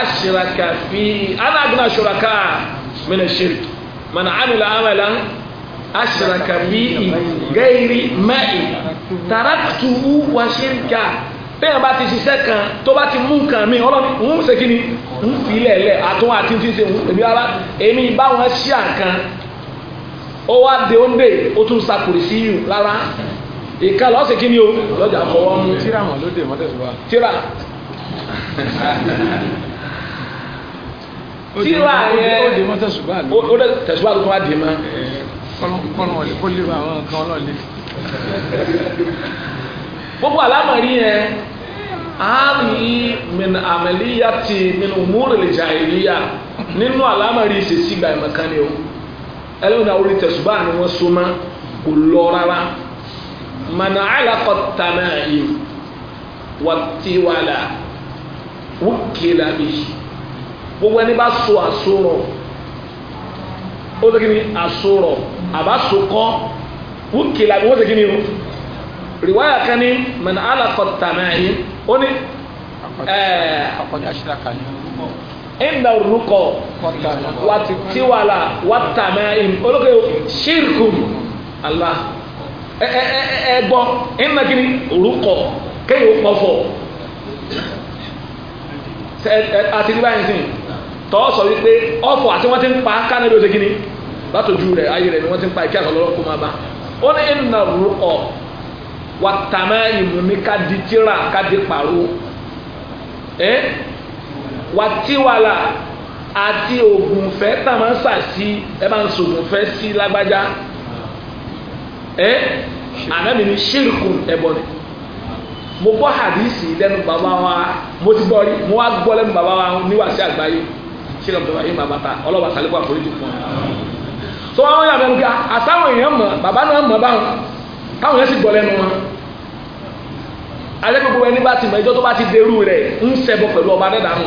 ashraka fi ana agbina shuraka mina shirki من عمل amala ashraka bi غير ماء taraktuhu wa shirka bẹ́ẹ̀ bá ti ṣiṣẹ́ kan tó bá ti mú nǹkan mi ọlọ́ni ń ṣe kí ni ń fi ilẹ̀ ẹ̀lẹ̀ àtúnwá àti ti ṣe èmi ara èmi báwọn ṣí àǹkan ó wá de ó ń dè ó tún sakùrì sí yù rárá ìka lọ́sẹ̀ kí ni o lọ́jà fọwọ́ mú. tíra mọ̀ ló dé mọ́tẹ́sùwà. tíra. tíra yẹn ó dè mọ́ tẹ̀sùbá ló ó dẹ̀ tẹ̀sùbá ló tún wá dè mọ́. kọ́nù ọ̀lẹ́ kó lè àwọn nǹkan ọlọ́ọ̀lẹ́. gbogbo àlámọ̀rí yẹn àmì min àmàlíyà ti min umúrò lè jà ìlíyà nínú àlámọ̀rí ìṣesí ìgbà ìmọ̀kan ni o ẹlẹ́wọ̀n àwọn orí tẹ̀sùbá ni wọ́n so mọ́ kò lọ rárá mana alakọ tàmáyé wàtíwàlà wúkìlà gbogbo ẹni bá so àsorọ̀ ó ṣe kí ni àsorọ̀ àbá so kọ́ wúkì làbí wọ́n ṣe kí ni o rìwáyà kan ní mẹ̀nà alákọ̀tà mẹ́rin ó ní eh, inda rukọ wati tiwala wata mẹ́rin olókè ṣírkùn Allah eh, eh, ẹgbọ́ inda kí ni rukọ kéyìn ó pọ̀ báyìí sìn tọ́ sọ wípé ọ̀fọ̀ àti wọ́n ti ń pa kánẹ́bí ó ṣe kíni látòjú rẹ̀ ayé rẹ̀ ni wọ́n ti ń pa ìkẹ́ àtọ̀lọ́rọ̀ kó máa bá ó ní ìnà rú ọ̀ wà tàmá ìmù ní ká di tíra ká di pàrọ̀ ẹ́ wà tíwàlà àti ògùnfẹ́ tàmá sà sí ẹ máa ń sògùnfẹ́ sí lágbájá ànábì ní ṣírkùn ẹ̀bọ̀ mo gbọ́ hadisi lẹ́nu bàbá wa mo ti gbọ́ rí mo wá gbọ́ lẹ́nu bàbá wa níwàásí àgbáyé kílọ̀ tó yín bàbá ta ọlọ́wà sálẹ̀ wà forí ti fún ọ. tó àwọn yàrá ń ga àtàwọn èèyàn mọ̀ bàbá náà mọ̀ báwọn táwọn yẹn sì gbọ́ lẹ́nu wọn. alẹ́ gbogbo ẹni bá ti mọ̀ ẹjọ́ tó bá ti derú rẹ̀ ń ṣẹbọ pẹ̀lú ọba dẹ́dàánù.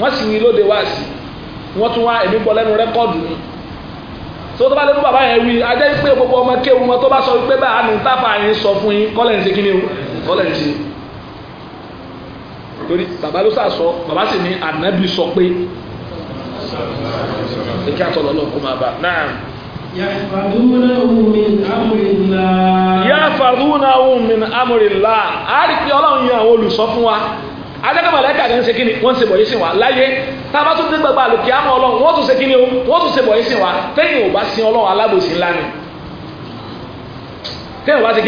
wọ́n sì wí lóde wá sí wọ́n tún wá èmi gbọ́ lẹ́nu rẹ́kọ́ọ̀dù mi. tó tó bá lé fún bàbá yẹn wí ajẹ́ pé gbogbo ọmọ kéwu wọn tó bá sọ wípé báà ní táfà yín torí bàbá ló sàsọ bàbá sì ní ànábì sọ pé èké àtọ̀lọ́ náà kó máa bá náà. yàfàdúnà min amúrìlá a rí pé ọlọ́run yẹn àwọn olùsọ fún wa adẹ́gbẹ́ mọ̀lẹ́kà ní ṣe kíni wọ́n ṣe bọ̀ yìí sìn wá láyé tá a bá tún dé gbàgbà lòkè àmọ́ ọlọ́run wọ́n tún ṣe kíni o wọ́n tún ṣe bọ̀ yìí sìn wá tẹ́yìn ò bá sin ọlọ́run alábòsí ńlá ni tẹ́yìn ò bá ṣe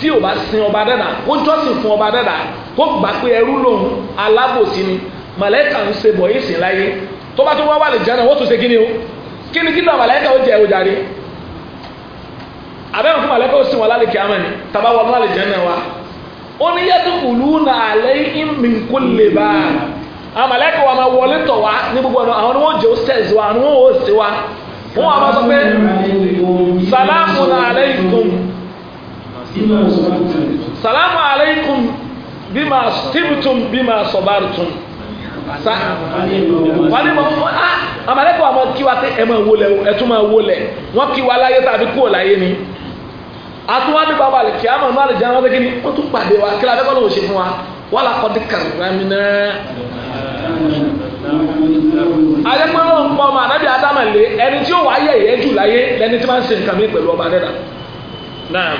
tí ò bá sin ọba dẹ́dà ó jọ́sìn fún ọba dẹ́dà kó gbà pé ẹrú lòun alábòsí ni màlẹ́kà ń ṣe bọ̀ ìsìn láyé tó bá tó wá wà lè jẹ́ náà wọ́n tún ṣe kí o kí ni kí ni màlẹ́kà ó jẹ ojàre abẹ́rùn fún màlẹ́kà ó sìn wọn lálẹ́ kíámẹ́ ni tàbá wọn lálẹ́ jẹ́ náà wa ó ní yẹ́dùkùlù nà alẹ́ ìmìnkú lè bá a màlẹ́kà wa máa wọlé tọ̀ wá ní gbogbo ọ̀nà àwọn ni wọ́n jẹ́ ó sẹ́ẹ̀sì wa àwọn ni wọ́n ó sì wa wọ́n wà máa sọ pé salamu alaykum salamu alaykum bima stibtum bima sabartum sa wani ma fún a ah, amalekọ àwọn kí wa tẹ ẹ máa wọlé ẹ tún máa wọlé wọn kí wa láyé tàbí kúrò láyé ni àtúwádìí bàbá àlè kí a máa máa lè jẹun wọn tẹkínní wọn tún pàdé wa kí la fẹ́ kọ́ ló ń ṣe fún wa wàlá kọ́ di kàrámi náà alẹ́pẹ́rọ́ ń pọ́ ọmọ ànábì ádámà lé ẹni tí ó wáyé ẹ̀yẹ́jù láyé lẹni tí máa ń ṣe nǹkan mi pẹ̀lú ọba dẹ́dà náà.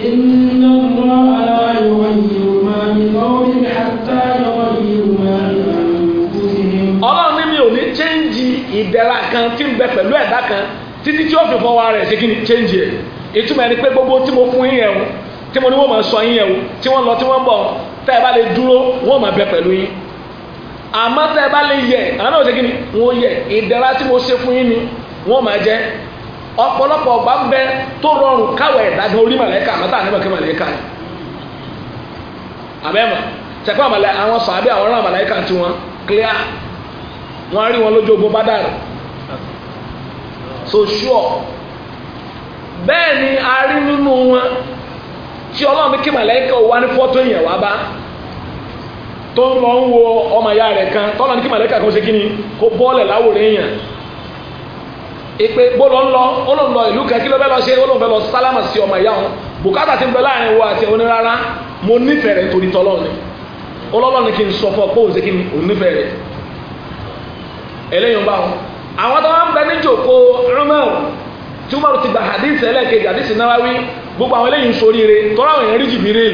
إن الله لا يغير ما بقوم حتى يغير ما بأنفسهم ọlọ́run ní mi ò ní chẹ́ǹjì ìdẹ̀ra kan tí ń bẹ pẹ̀lú ẹ̀dá kan títí tí ó fi fọwọ́ rẹ̀ ṣe kí ni chẹ́ǹjì ẹ̀ ìtumọ̀ ẹni pé gbogbo tí mo fún yín yẹn o tí mo ní wọ́n máa sọ yín yẹn tí wọ́n lọ tí wọ́n bọ̀ tẹ́ ẹ bá lè dúró wọ́n máa bẹ pẹ̀lú yín àmọ́ tẹ́ ẹ bá lè yẹ àwọn náà ṣe kí ni wọ́n yẹ ìdẹ̀ra tí mo ṣe fún yín ni wọ́n máa jẹ́ ọpọlọpọ ọgbà ń bẹ tó rọrùn káwẹ̀ ìdájọ́ orí mọ̀lẹ́kà mọ́tà ní kí mọ̀lẹ́kà ni àbẹ́mọ̀ tẹ̀pẹ́ àmàlẹ́ àwọn sàábẹ́ àwọn ọ̀rọ̀ mọ̀lẹ́kà tí clear wọ́n rí wọn lójú ogun bá dàrú so sure bẹ́ẹ̀ ni a rí nínú wọn tí ọlọ́run kí mọ̀lẹ́kà ní yẹn bá tó ń lọ ń wo ọmọ ìyá kan tọ́lọ́ ní kí kan ṣe kí ni kó bọ́ọ̀lẹ̀ láwòrán ìpè bóló ńlọ olóńlọ ìlú kan kí ló fẹ́ lọ ṣe olóńfẹ́ lọ sálámà sí ọmọ ìyá wọn bùkátà ti ń bẹ láàrin wo àti onírara mo nífẹ̀ẹ́ rẹ̀ torí tọ́lọ́ ni olólọ́ ni kí n sọ fún ọ pé òun ṣe kí ni òun nífẹ̀ẹ́ rẹ̀ eléyìí ń bá wọn àwọn tó wọn ń bẹ níjòkó rúmẹ́ọ̀ tí wọ́n ti gba hadith ẹlẹ́ẹ̀kejì hadith Nawawi gbogbo àwọn eléyìí ń soríire tọ́lá àwọn èèyàn rí jìbìrì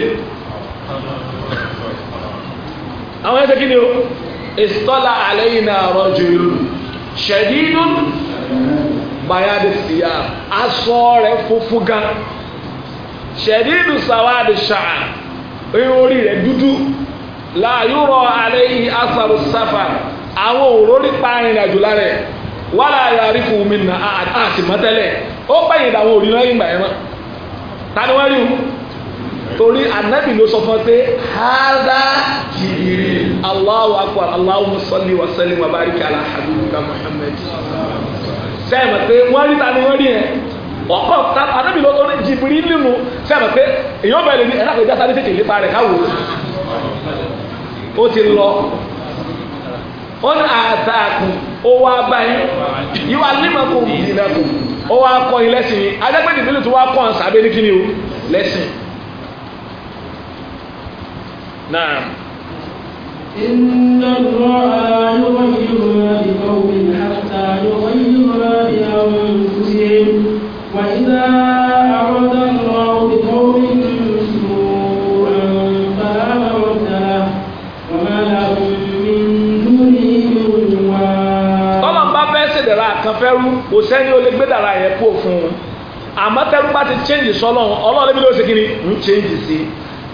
bayadi siya aṣọ rẹ̀ funfun gan ṣẹ̀dídù sàwádìí ṣáà irun orí rẹ̀ dúdú láàyò rọ alẹ́ yìí asaru sáfà àwọn òrórí pa arìnrìnàjò lára ẹ̀ wàhálà yàrá fún mi nà àti mọ́tẹ́lẹ̀ ó pẹ̀yìn ìdàwọn òrí náà ìgbà ẹ̀rọ ta ni wọ́n rí o torí anabi ló sọ fún ọ pé hada Allahu akbar Allahumma salli wa sallim wa barik ala habibika Muhammad. sẹ́ẹ̀mọ̀ pé wọ́n rí ta wọ́n rí yẹn ọkọ anábì lọ́tọ́ ní jìbìrì nínú sẹ́ẹ̀mọ̀ pé èèyàn bẹ̀rẹ̀ ní ẹ̀dá kọjá sáré tètè lépa rẹ̀ káwò ti lọ ó ní àtàkùn ó wá báyìí límọ̀kùn o lẹ́sìn. بأنفسهم وإذا أراد الله بقوم سوءا فلا مرد له وما لهم من sẹ́ni ó lè gbé yẹn kó fún àmọ́ tẹ́rú bá ti change sọ́lọ́run ọlọ́run bí ló ṣe kiri ń change sí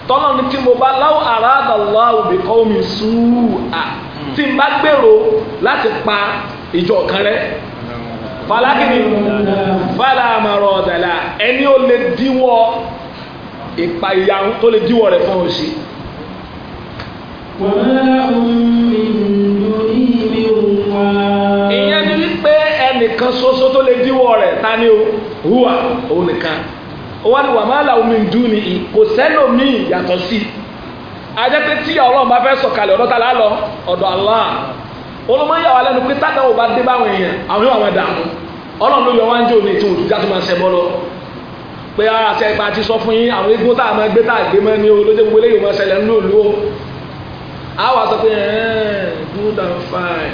tọ́lọ̀ ní tí mo bá láwọ́ aráàlọ́wọ́ bìkọ́ omi sùúrù à tí n bá gbèrò láti pa ìjọ kan rẹ̀ falakini falamaro ọ̀dàlà ẹni ó lè díwọ́ ìpàyà tó le díwọ́ rẹ̀ fún òsì. ìyẹn ni wípé ẹnìkan ṣoṣo tó le díwọ́ rẹ̀ ta ni o hùwà òun nìkan wọ́n ní wàhálà omi ń dún ni kò sẹ́lòmíì yàtọ̀ sí i ajẹ́pẹ́ tí ọlọ́run bá fẹ́ sọ̀kalẹ̀ ọ̀dọ́ ta lálọ́ ọ̀dọ̀ Allah olùmọ̀yàwó alẹ́nu pé tádà ò bá dé báwọn èèyàn àwọn yóò àwọn ẹ̀dá àwọn ọlọ́run ló yọ wá ń jò ní tí wọ́n dúdá tó máa ń sẹ́bọ́ lọ pé ara tẹ ipa ti sọ fún yín àwọn eégún tá a máa gbé tá a gbé mọ́ ní olóde gbogbo eléyìí máa ṣẹlẹ̀ nínú òlu o a wà sọ pé good and fine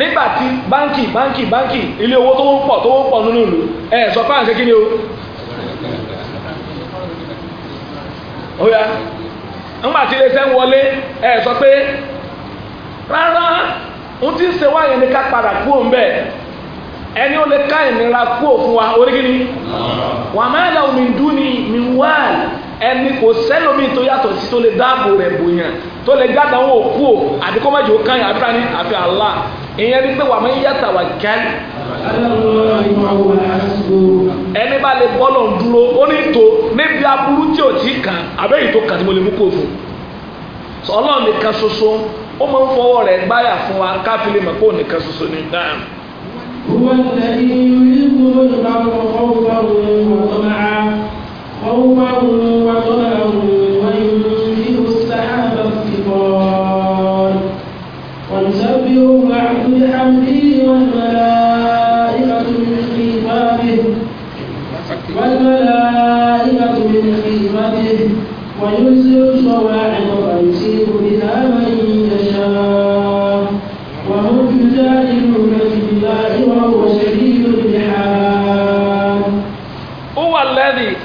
nígbà tí báńkì báńkì báńkì ilé owó tó ń pọ̀ tó ń pọ̀ nínú ìlú ẹ sọ fún àǹkẹ́ kí ni o. ó yá ńgbà tí iléeṣẹ́ ń wọlé ẹ sọ pé rárá ń ti ń ṣe wáyé ní ká padà kú òun bẹ́ẹ̀ ẹni ó lè ká ìnira kú òfin wa orígìní wà máa lọ mi dún ní mi wá ẹni kò sẹ́lómi tó yàtọ̀ sí tó lè dáàbò rẹ̀ bòyàn tó lè gbàgbà wọn ò kú o àbí kó má jò ká yàn ní àfi àlá ìyẹn ni pé wà máa yàtọ̀ wà gẹ́lì. ẹni bá lè bọ́ lọ́n dúró ó ní tó níbi aburú tí ò tí kàn àbẹ́yìn tó kàn tí mo lè mú kó fún ọlọ́run nìkan ṣoṣo ó máa ń fọwọ́ rẹ̀ gbáyà fún wa káfílẹ̀ mọ̀ pé òun nìkan ṣoṣo ni dáhùn. هو الذي يذكر البر خوفا وطمعا خوفا وطمعا وينزل السحاب الثقال ونسبح بعد بحمده والملائكة من خيفته والملائكة من خيفته وينزل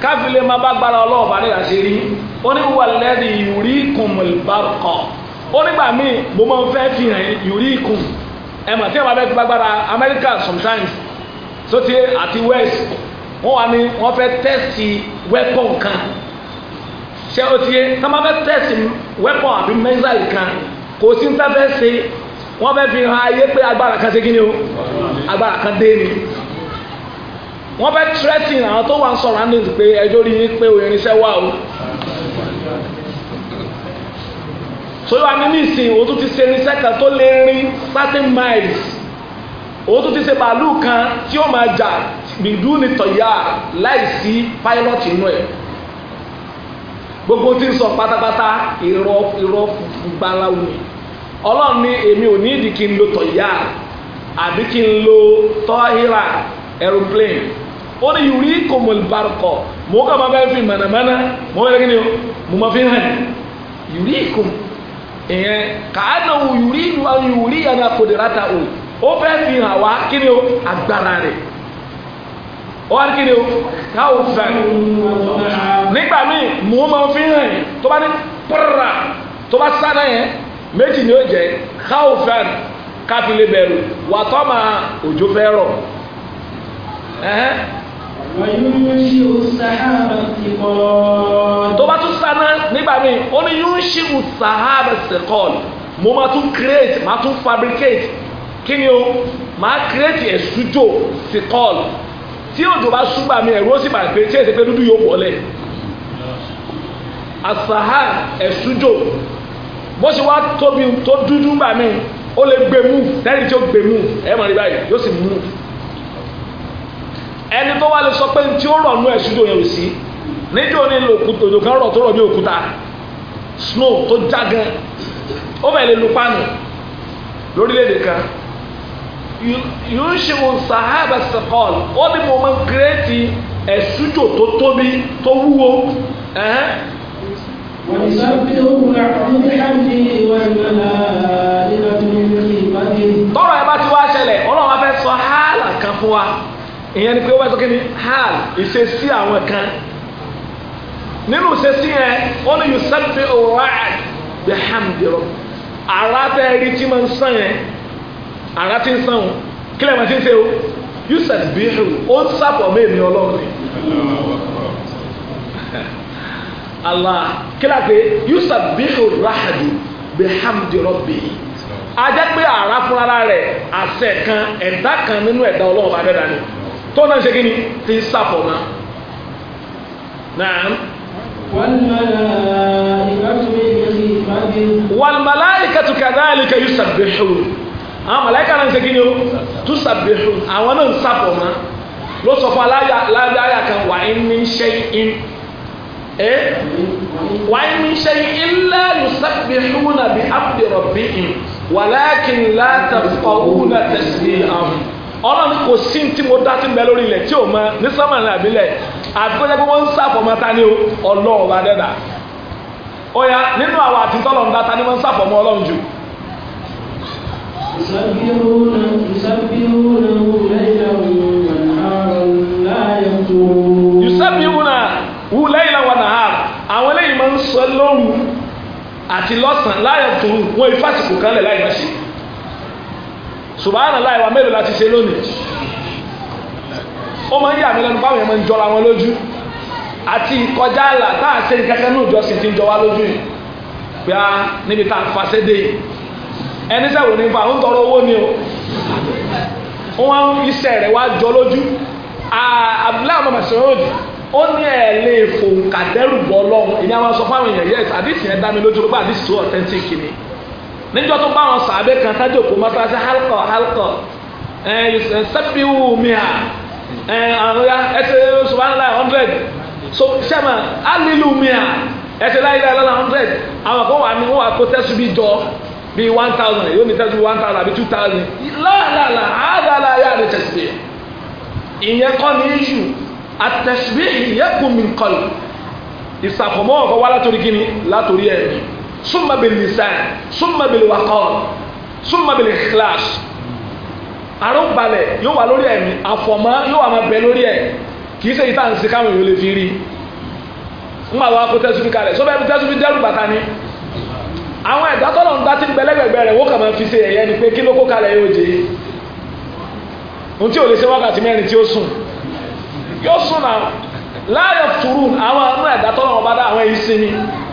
káfílẹ̀ máa bá gbára ọlọ́ọ̀bá rẹ̀ ṣe rí ó ní wà lẹ́rìí ìwúrí ìkùn míì mo máa ń fẹ́ fi hàn ìwúrí ìkùn ẹ̀mọ̀ tí ẹ̀mọ̀ abẹ́tí bá gbára America sometimes tó ti àti West wọ́n wà ní wọ́n fẹ́ tẹ́sì weapon kan ṣé o ti yé tá máa fẹ́ tẹ́sì weapon àbí missile kan kò sí ní tá fẹ́ ṣe wọ́n fẹ́ fi hàn ayé pé agbára kan ṣe kí ni o agbára kan dé ni wọ́n fẹ́ threatening àwọn tó wà ń sọ̀rọ̀ àndé pé ẹjọ́ rí yín pé irinṣẹ́ wà o. sórí wa ní nísìnyí o tún ti se irinṣẹ́ kan tó lè rin thirty miles o tún ti se bàálù kan tí ó máa jà gbìdú ní tọ̀yà láìsí pilot inú ẹ̀ gbogbo tí ń sọ pátápátá irọ́ irọ́ gbaláwo ọlọ́run ní èmi ò ní ìdí kí n lo tọ̀yà àbí kí n lo tọ́hírà aeroplane ó ní yùrí kòmòlì barukọ mò ń kà máa fẹ́ fi mànàmáná mò ń yẹ mo máa fi hàn yùrí kòm ìyẹn kàánà yùrí yùrí yàrá kòdìrátà o ó fẹ́ fi hàn wá kí ni o agbára rẹ̀ ó wá kí ni o káwọ fẹ́ nígbà míì mò ń fi hàn tó bá ní pọ́rọ̀ tó bá sáná yẹn méjì ni ó jẹ káwọ fẹ́ káfílẹ̀ bẹ̀rù wàtọ́ máa òjò fẹ́ rọ̀ tó bá tún sáná nígbà míì ó ní yóò ṣe wù sàhábà sẹ̀kọ́l mo máa tún create máa tún fabricate kí ni o máa create ẹ̀sùjò sekol. tí òjò bá ṣúgbà mi ẹ̀rú ó sì bàa pé tí èsì pé dúdú yóò wọlé àsàhà ẹ̀sùjò bó ṣe wá tóbi tó dúdú gbà mí ó lè gbé mú lẹ́yìn ẹ̀ mọ̀ ní báyìí yóò sì mú ẹni tó wá lè sọ pé tí ó rọ̀ nú ẹ̀sùn jò yẹn ò sí níjó ní lò òkúta òjò kan rọ̀ tó rọ̀ bí òkúta snow tó já gan ó fẹ́ lè lu pánù lórílẹ̀‐èdè kan yóò ṣe wọn sahaba sakol ó ní mo máa ń kírẹ́tì ẹ̀sùn jò tó tóbi tó wúwo tọ́rọ̀ ẹ bá ti wá ṣẹlẹ̀ ọlọ́run á fẹ́ sọ hálà kan fún wa ìyẹn ni pé ó wá sọ kí ni hal ìṣesí àwọn kan nínú ìṣesí yẹn wọn ni yóò sábẹ òwúrọ̀ àgbẹ hàmdìrọ ara tẹ ẹrí tí máa ń sàn yẹn ara ti ń sàn o kílẹ̀ máa ti ń ṣe o yóò sábẹ ó ń sábọ̀ mẹ́ẹ̀mí ọlọ́run Allah kílà pé yóò sábẹ òwúrọ̀ àgbẹ bẹ́hàmdì rọ́bì a jẹ́ pé ara fúnra rẹ̀ àṣẹ kan ẹ̀dá kan nínú ẹ̀dá ọlọ́run bá dẹ́dá ni tó náà ṣe kíni ti ń sàpọ̀ mọ́. Naam. Wal malaikatu kadhalika yusabbihun. Àwọn màláìka náà ṣe kíni o? Tusabbihun. Àwọn náà ń sàpọ̀ mọ́. Ló sọ fún aláyà kan wà ní shay'in. Wà ní shay'in illa yusabbihuna bihamdi rabbihim walakin la tafqahuna tasbihahum ọlọ́run kò sí tí mo dá sí ń bẹ lórí ilẹ̀ tí ò mọ ní sọ́mọ̀ ní àbílẹ̀ àti kọjá pé wọ́n ń sàfọ̀mọ́ ta ni ọlọ́run bá dẹ́dà ó yá nínú àwọn àti tọ́lọ́run dá ta ni wọ́n ń sàfọ̀mọ́ ọlọ́run jù. yusabihuna hu layla wa nahar àwọn eléyìí máa ń sọ lóru àti lọ́sàn-án láyọ̀ tó wọ́n ifásitì kan lẹ̀ láì máa ṣe subhanallah ìwà mélòó la ti ṣe lónìí ó máa ń yà mí lẹ́nu báwọn èèyàn máa ń jọra wọn lójú àti ìkọjá àlà tá à ṣe kankan ní ìjọsìn ti ń jọ wá lójú yìí pé a níbi tá à ń fasẹ́ dé yìí ẹni sẹ́wò ní fa ń tọrọ owó ni o wọ́n iṣẹ́ rẹ̀ wá jọ lójú abdullahi ọmọ masoud ó ní ẹ̀ lè fòǹkà dẹ́rù bọ́ lọ́wọ́ ìyá wọn sọ fáwọn èèyàn yẹ àdìsí yẹn dá mi lójú ló bá àdìsí tó authentic ni níjọ́ tó bá wọn sàbẹ̀ kan tájò kó mọ́sálásí halkọ̀ halkọ̀ ẹ̀ sẹ́bíwù mìíràn ẹ̀ àwọn ya ẹsẹ̀ subhanallah hundred so sẹ́mà alilu mìíràn ẹsẹ̀ láyé láyé lọ́la hundred àwọn kan wà ní wọn wà kó tẹ́sù bí jọ bí one thousand yóò ní tẹ́sù one thousand àbí two thousand láàlàlà àádàlà yà ni tẹ̀sí ìyẹn kọ́ ní iṣu àtẹ̀sí yẹ kùmí kọlù ìsàfọ̀mọ́ ọ̀kọ́ wá látòrí kíni látòrí ẹ̀mí summa bil lisan summa bil waqar summa bil ikhlas àrùnbalẹ̀ yóò wà lórí ẹ̀mí àfọ̀mọ́ yóò wà máa bẹ lórí ẹ̀ kì í ṣe ìta ǹsìn káwọn èèyàn lè fi rí ń bá wa kó tẹ́sùbí kalẹ̀ sọ́bẹ̀ ẹni tẹ́sùbí dẹ́rù bàtà ni àwọn ẹ̀dá tọ́lọ̀ ń dá tí ń bẹ lẹ́gbẹ̀gbẹ̀ rẹ̀ wọ́n kà máa fi ṣe ẹ̀yẹ ni pé kí ló kó kalẹ̀ yóò jẹ́ ohun tí ò lè ṣe wákàtí mẹ́rin tí ó sùn yóò sùn náà láàyò tùrù àwọn ẹ̀dá tọ́lọ̀ ń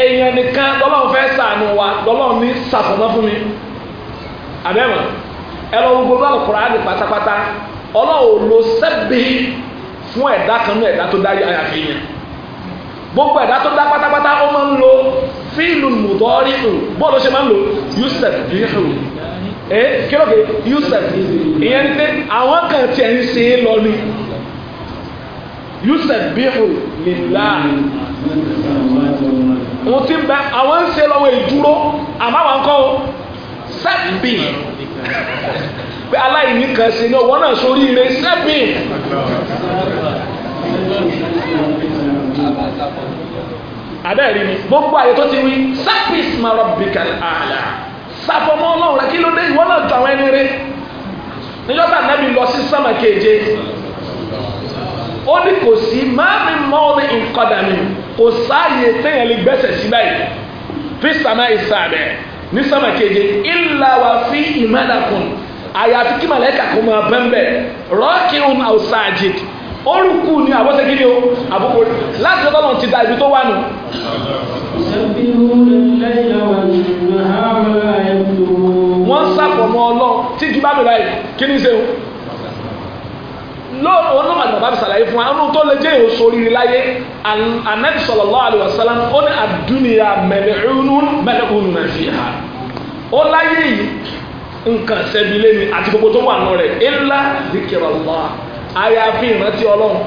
èèyàn nìkan lọ́lọ́run fẹ́ sànù wa lọ́lọ́run ní sàfọ̀mọ́ fún mi àbẹ́mọ̀ ẹ lọ gbogbo bá ọkùnrin àdì pátápátá ọlọ́run ló sẹ́bi fún ẹ̀dá kan ní ẹ̀dá tó dá àyàfi yẹn gbogbo ẹ̀dá tó dá pátápátá ó máa ń lo fíìlù mùtọ́rí hù bọ́ọ̀lù ṣe máa ń lo yusuf yìí ee kílódé yusuf ìyẹn ní pé àwọn kan tiẹ̀ ń ṣe é lọ ni yusuf bíhù lillah òun ti bẹ àwọn ń ṣe lọ́wọ́ ìdúró àmọ́ àwọn kọ́ ọ sẹ́bì pé aláìní kan ṣe ní ọwọ́ náà sórí ire sẹ́bì. àbẹ́ẹ̀rí ni gbogbo àyè tó ti wí sápìs máa rọ bìkan àlà sáfọmọ ọlọ́run rẹ kí ló dé ìwọ náà tàwọn ẹni rẹ níjọba nàbì lọ sí sámà keje ó ní kò sí máàmì mọ́ọ̀mì nkọ́dàmì kò sáàyè téèyàn lè gbẹ́sẹ̀ sí báyìí fi sàmà ìsàbẹ̀ ní sàmà keje ìlà fi ìmọ̀dàkùn àyàfi kí màlẹ́kà kò máa bẹ́ ń bẹ̀ rọ́ọ̀kì òun àwòsàjì orúkú ni àwọn ṣe kí ni o àbúkù láti ọ̀dọ́ náà ti da ibi tó wà nù. wọ́n sàpọ̀ mọ́ ọlọ́ tí kí bá mi báyìí kí ni ṣe o lóòrùn onímọ̀ àgbà bàbá sàlàyé fún wa ọdún tó lè jẹ́ èèyàn sóríire láyé anabi sallallahu alaihi wasallam ó ní àdúnìyà mẹlẹ́húnún mẹlẹ́húnún náà fi hà ó láyé yìí nǹkan sẹ́bi lé mi àti gbogbo tó wà nù rẹ̀ illa zikirallah àyàfi ìrántí ọlọ́run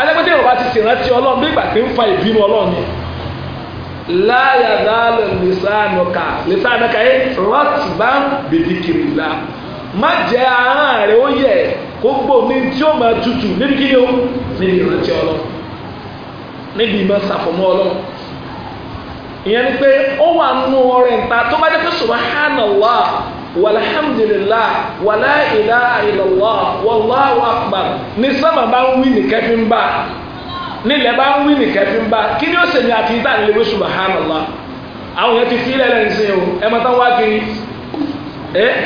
alẹ́gbẹ́dẹ́ ìwọ̀n bá ti sì rántí ọlọ́run bí ìgbà ń fa ìbínú ọlọ́run ni láyà dáàlù lìsànùkà lìsànùkà yìí gbogbo ní tí ó máa tutù níbi kí yóò níbi ìrántí ọlọ. níbi ìmọ̀ ṣàfọ̀mọ́ ọlọ́run ìyẹn ni pé ó wà nù ọrẹ nta tó bá dé pé subhanallah akbar ní sábà bá ń wí nìkẹ́ fi ń bá nílẹ̀ bá ń wí nìkẹ́ fi ń bá kí ni ó sèmi àti ìta nílẹ̀ wí subhanallah àwọn yẹn ti fi ilẹ̀ lẹ́yìn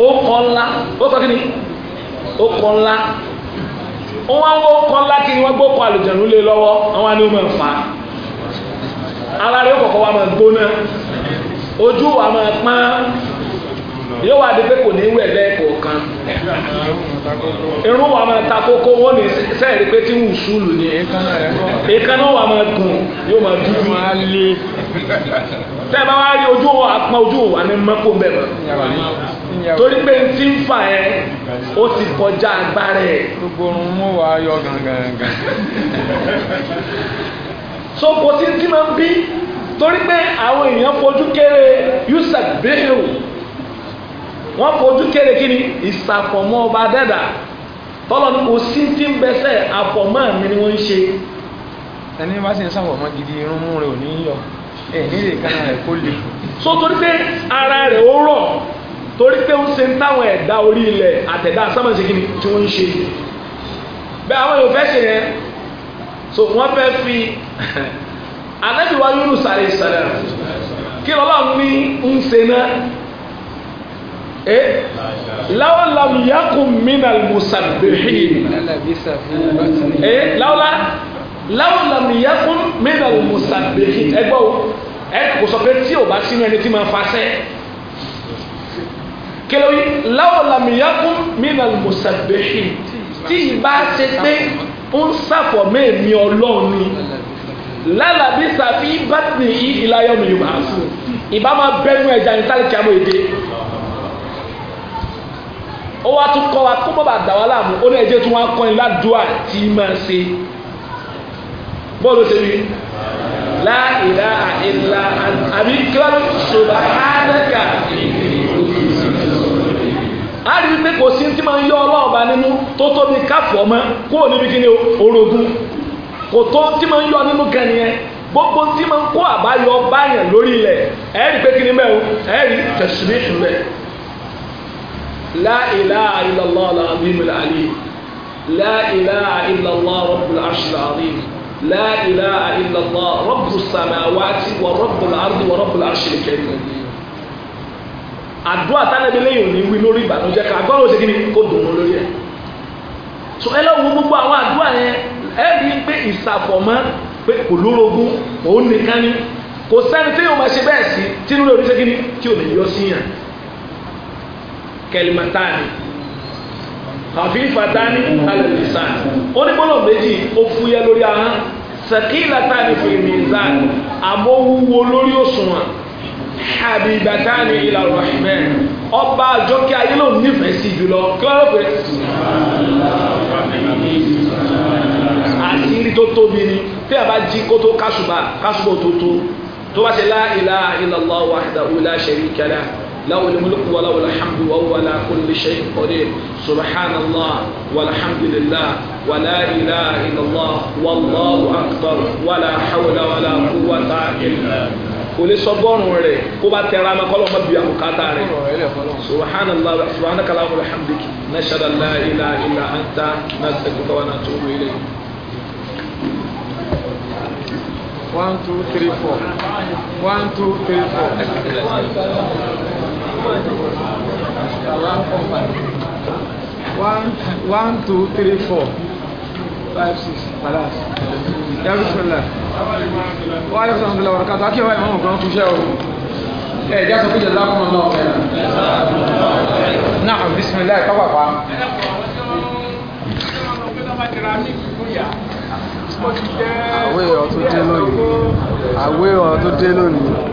ó kọ́ ńlá ó kọ́ kíni ó kọ́ ńlá wọ́n wá ń wọ́n kọ́ ńlá kí wọ́n gbó kọ́ àlùjànnú lé lọ́wọ́ àwọn àni ó máa ara rẹ̀ kọ̀kọ́ wa máa gbóná ojú wa máa pán yóò wá di pé kò ní wẹ̀ bẹ́ẹ̀ kọ̀ọ̀kan irun wa máa ta kókó wọ́n ní sẹ́ẹ̀rí pé tí wù sùúlù ni èékánná wa máa gùn yóò máa dúdú tẹ́ ẹ bá wá rí ojú wa apá ojú wa ní mọ́kò bẹ́ẹ̀ mọ́ torí pé n ti ń fà ẹ́ ó ti kọjá agbára ẹ̀. gbogbo orun mú wa yọ gangan. so kò sí ti máa ń bí torí pé àwọn èèyàn fojú kéré yusuf bẹ́ẹ̀ o wọ́n fojú kéré kí ni ìsàfọ̀mọ́ ọba dẹ́dà tọ́lọ́ ní kò sí tí ń bẹsẹ̀ àfọ̀mọ́ mi ni wọ́n ń ṣe. ẹni bá sì ń sàfọ̀mọ́ gidi irun mú rẹ̀ ò ní yọ ẹ nílé kan rẹ̀ kó le. so torí pé ara rẹ̀ ó rọ̀ torí pé ó ṣe ń táwọn ẹ̀dá orí ilẹ̀ àtẹ̀dá sámọ̀sí kí ni tí wọ́n ń ṣe. bẹ́ẹ̀ àwọn yóò fẹ́ ṣe yẹn so wọ́n fẹ́ fi anábìwá Yunus sàrẹ̀ sàrẹ̀ kí lọ́lọ́ mi ń ṣe eh lawa lam yakun min al musabbihin eh lawla lawa lam yakun min al musabbihin ẹgbọ́ o ẹ kò sọ pé tí o bá sínú ẹni tí máa fa sẹ́ kẹlẹ́wì lawa lam yakun min al musabbihin tí ìbá ṣe pé ń sàfọ̀ mẹ́ẹ̀mí ọlọ́run ni lálàbí sàfi bátìní ìlàyọ̀mù yorùbá ìbá máa bẹ́nu ẹ̀jà ní tálíkì àmọ́ èdè ó wá tún kọ́ wa tó bọ́bà dà wá láàmú ó ní ẹjẹ́ tí wọ́n á kọ́ ni ládùúà tí máa ṣe bọ́ọ̀lù ṣe wí la ilaha àbí kíláàbù ṣòbá ánàkà a rí pé kò sí tí máa ń yọ ọlọ́ọ̀bá nínú tó tóbi káfọ́ mọ́ kúrò níbi kí ni orogún kò tó tí máa ń yọ nínú gan nìyẹn gbogbo tí máa ń kó àbáyọ báyàn lórí ilẹ̀ ẹ̀rí pé kí ni mẹ́rin ẹ̀rí tẹ̀sílẹ̀ ìlú لا إله إلا الله العظيم العليم لا إله إلا الله رب العرش العظيم لا إله إلا الله رب السماوات ورب الأرض ورب العرش الكريم àdúrà tánàbí lẹ́yìn òní wí lórí ìbànújẹ́ ká gbọ́dọ̀ ṣe kí ni kó dùn ún lórí ẹ̀ so ẹ lọ́wọ́ gbogbo àwọn àdúrà yẹn ẹ rí i pé ìsàfọ̀mọ́ pé kò lórogún òun nìkan ni kò sẹ́ni tí yóò máa ṣe bẹ́ẹ̀ sí tínú lórí ṣe kí tí ò yọ sí yàn kẹlìmọ̀tánì àfihàn alẹ́lẹ́sàn onígbọ́nà méjì ó fúyẹ́ lórí ahọ́n sẹ̀kílà tánì fún ìmìzàn àmọ́ wúwo lórí òṣùwọ̀n habibatani ila rahman ọba àjọkẹ́ ayé ló nífẹ̀ẹ́ sí jùlọ kílọ́rọ̀ pé àti rí tó tóbi ni tí a bá jí kó tó kásùbà kásùbà tó tó tó bá ṣe la ilaha illallah wahdahu la sharika lahu له الملك وله الحمد وهو على كل شيء قدير سبحان الله والحمد لله ولا إله إلا الله والله أكبر ولا حول ولا قوة إلا kò lè sọ bọ́ọ̀rùn rẹ̀ kó bá tẹ̀ra ma kọ́ lọ́mọ bíi àbùkátà rẹ̀ subhanallah subhanakala wa hamdiki nashada la ilaha illa anta nasakuka wa natubu ilayk. one two three four one two three four one one two three four five six alas Ya sọlá wàá yọ sọ̀rọ̀ ńlọrọ̀ kàtó akíyọ̀ wáyé mọ́mọ́ kan kúṣẹ́ o ẹ̀ ẹ̀dí àtọ́kù jẹ̀ lákùnrin náà ọ̀fẹ́ náà bisimilayi pápápá. àwé ọ̀ tó dé lónìí àwé ọ̀ tó dé lónìí.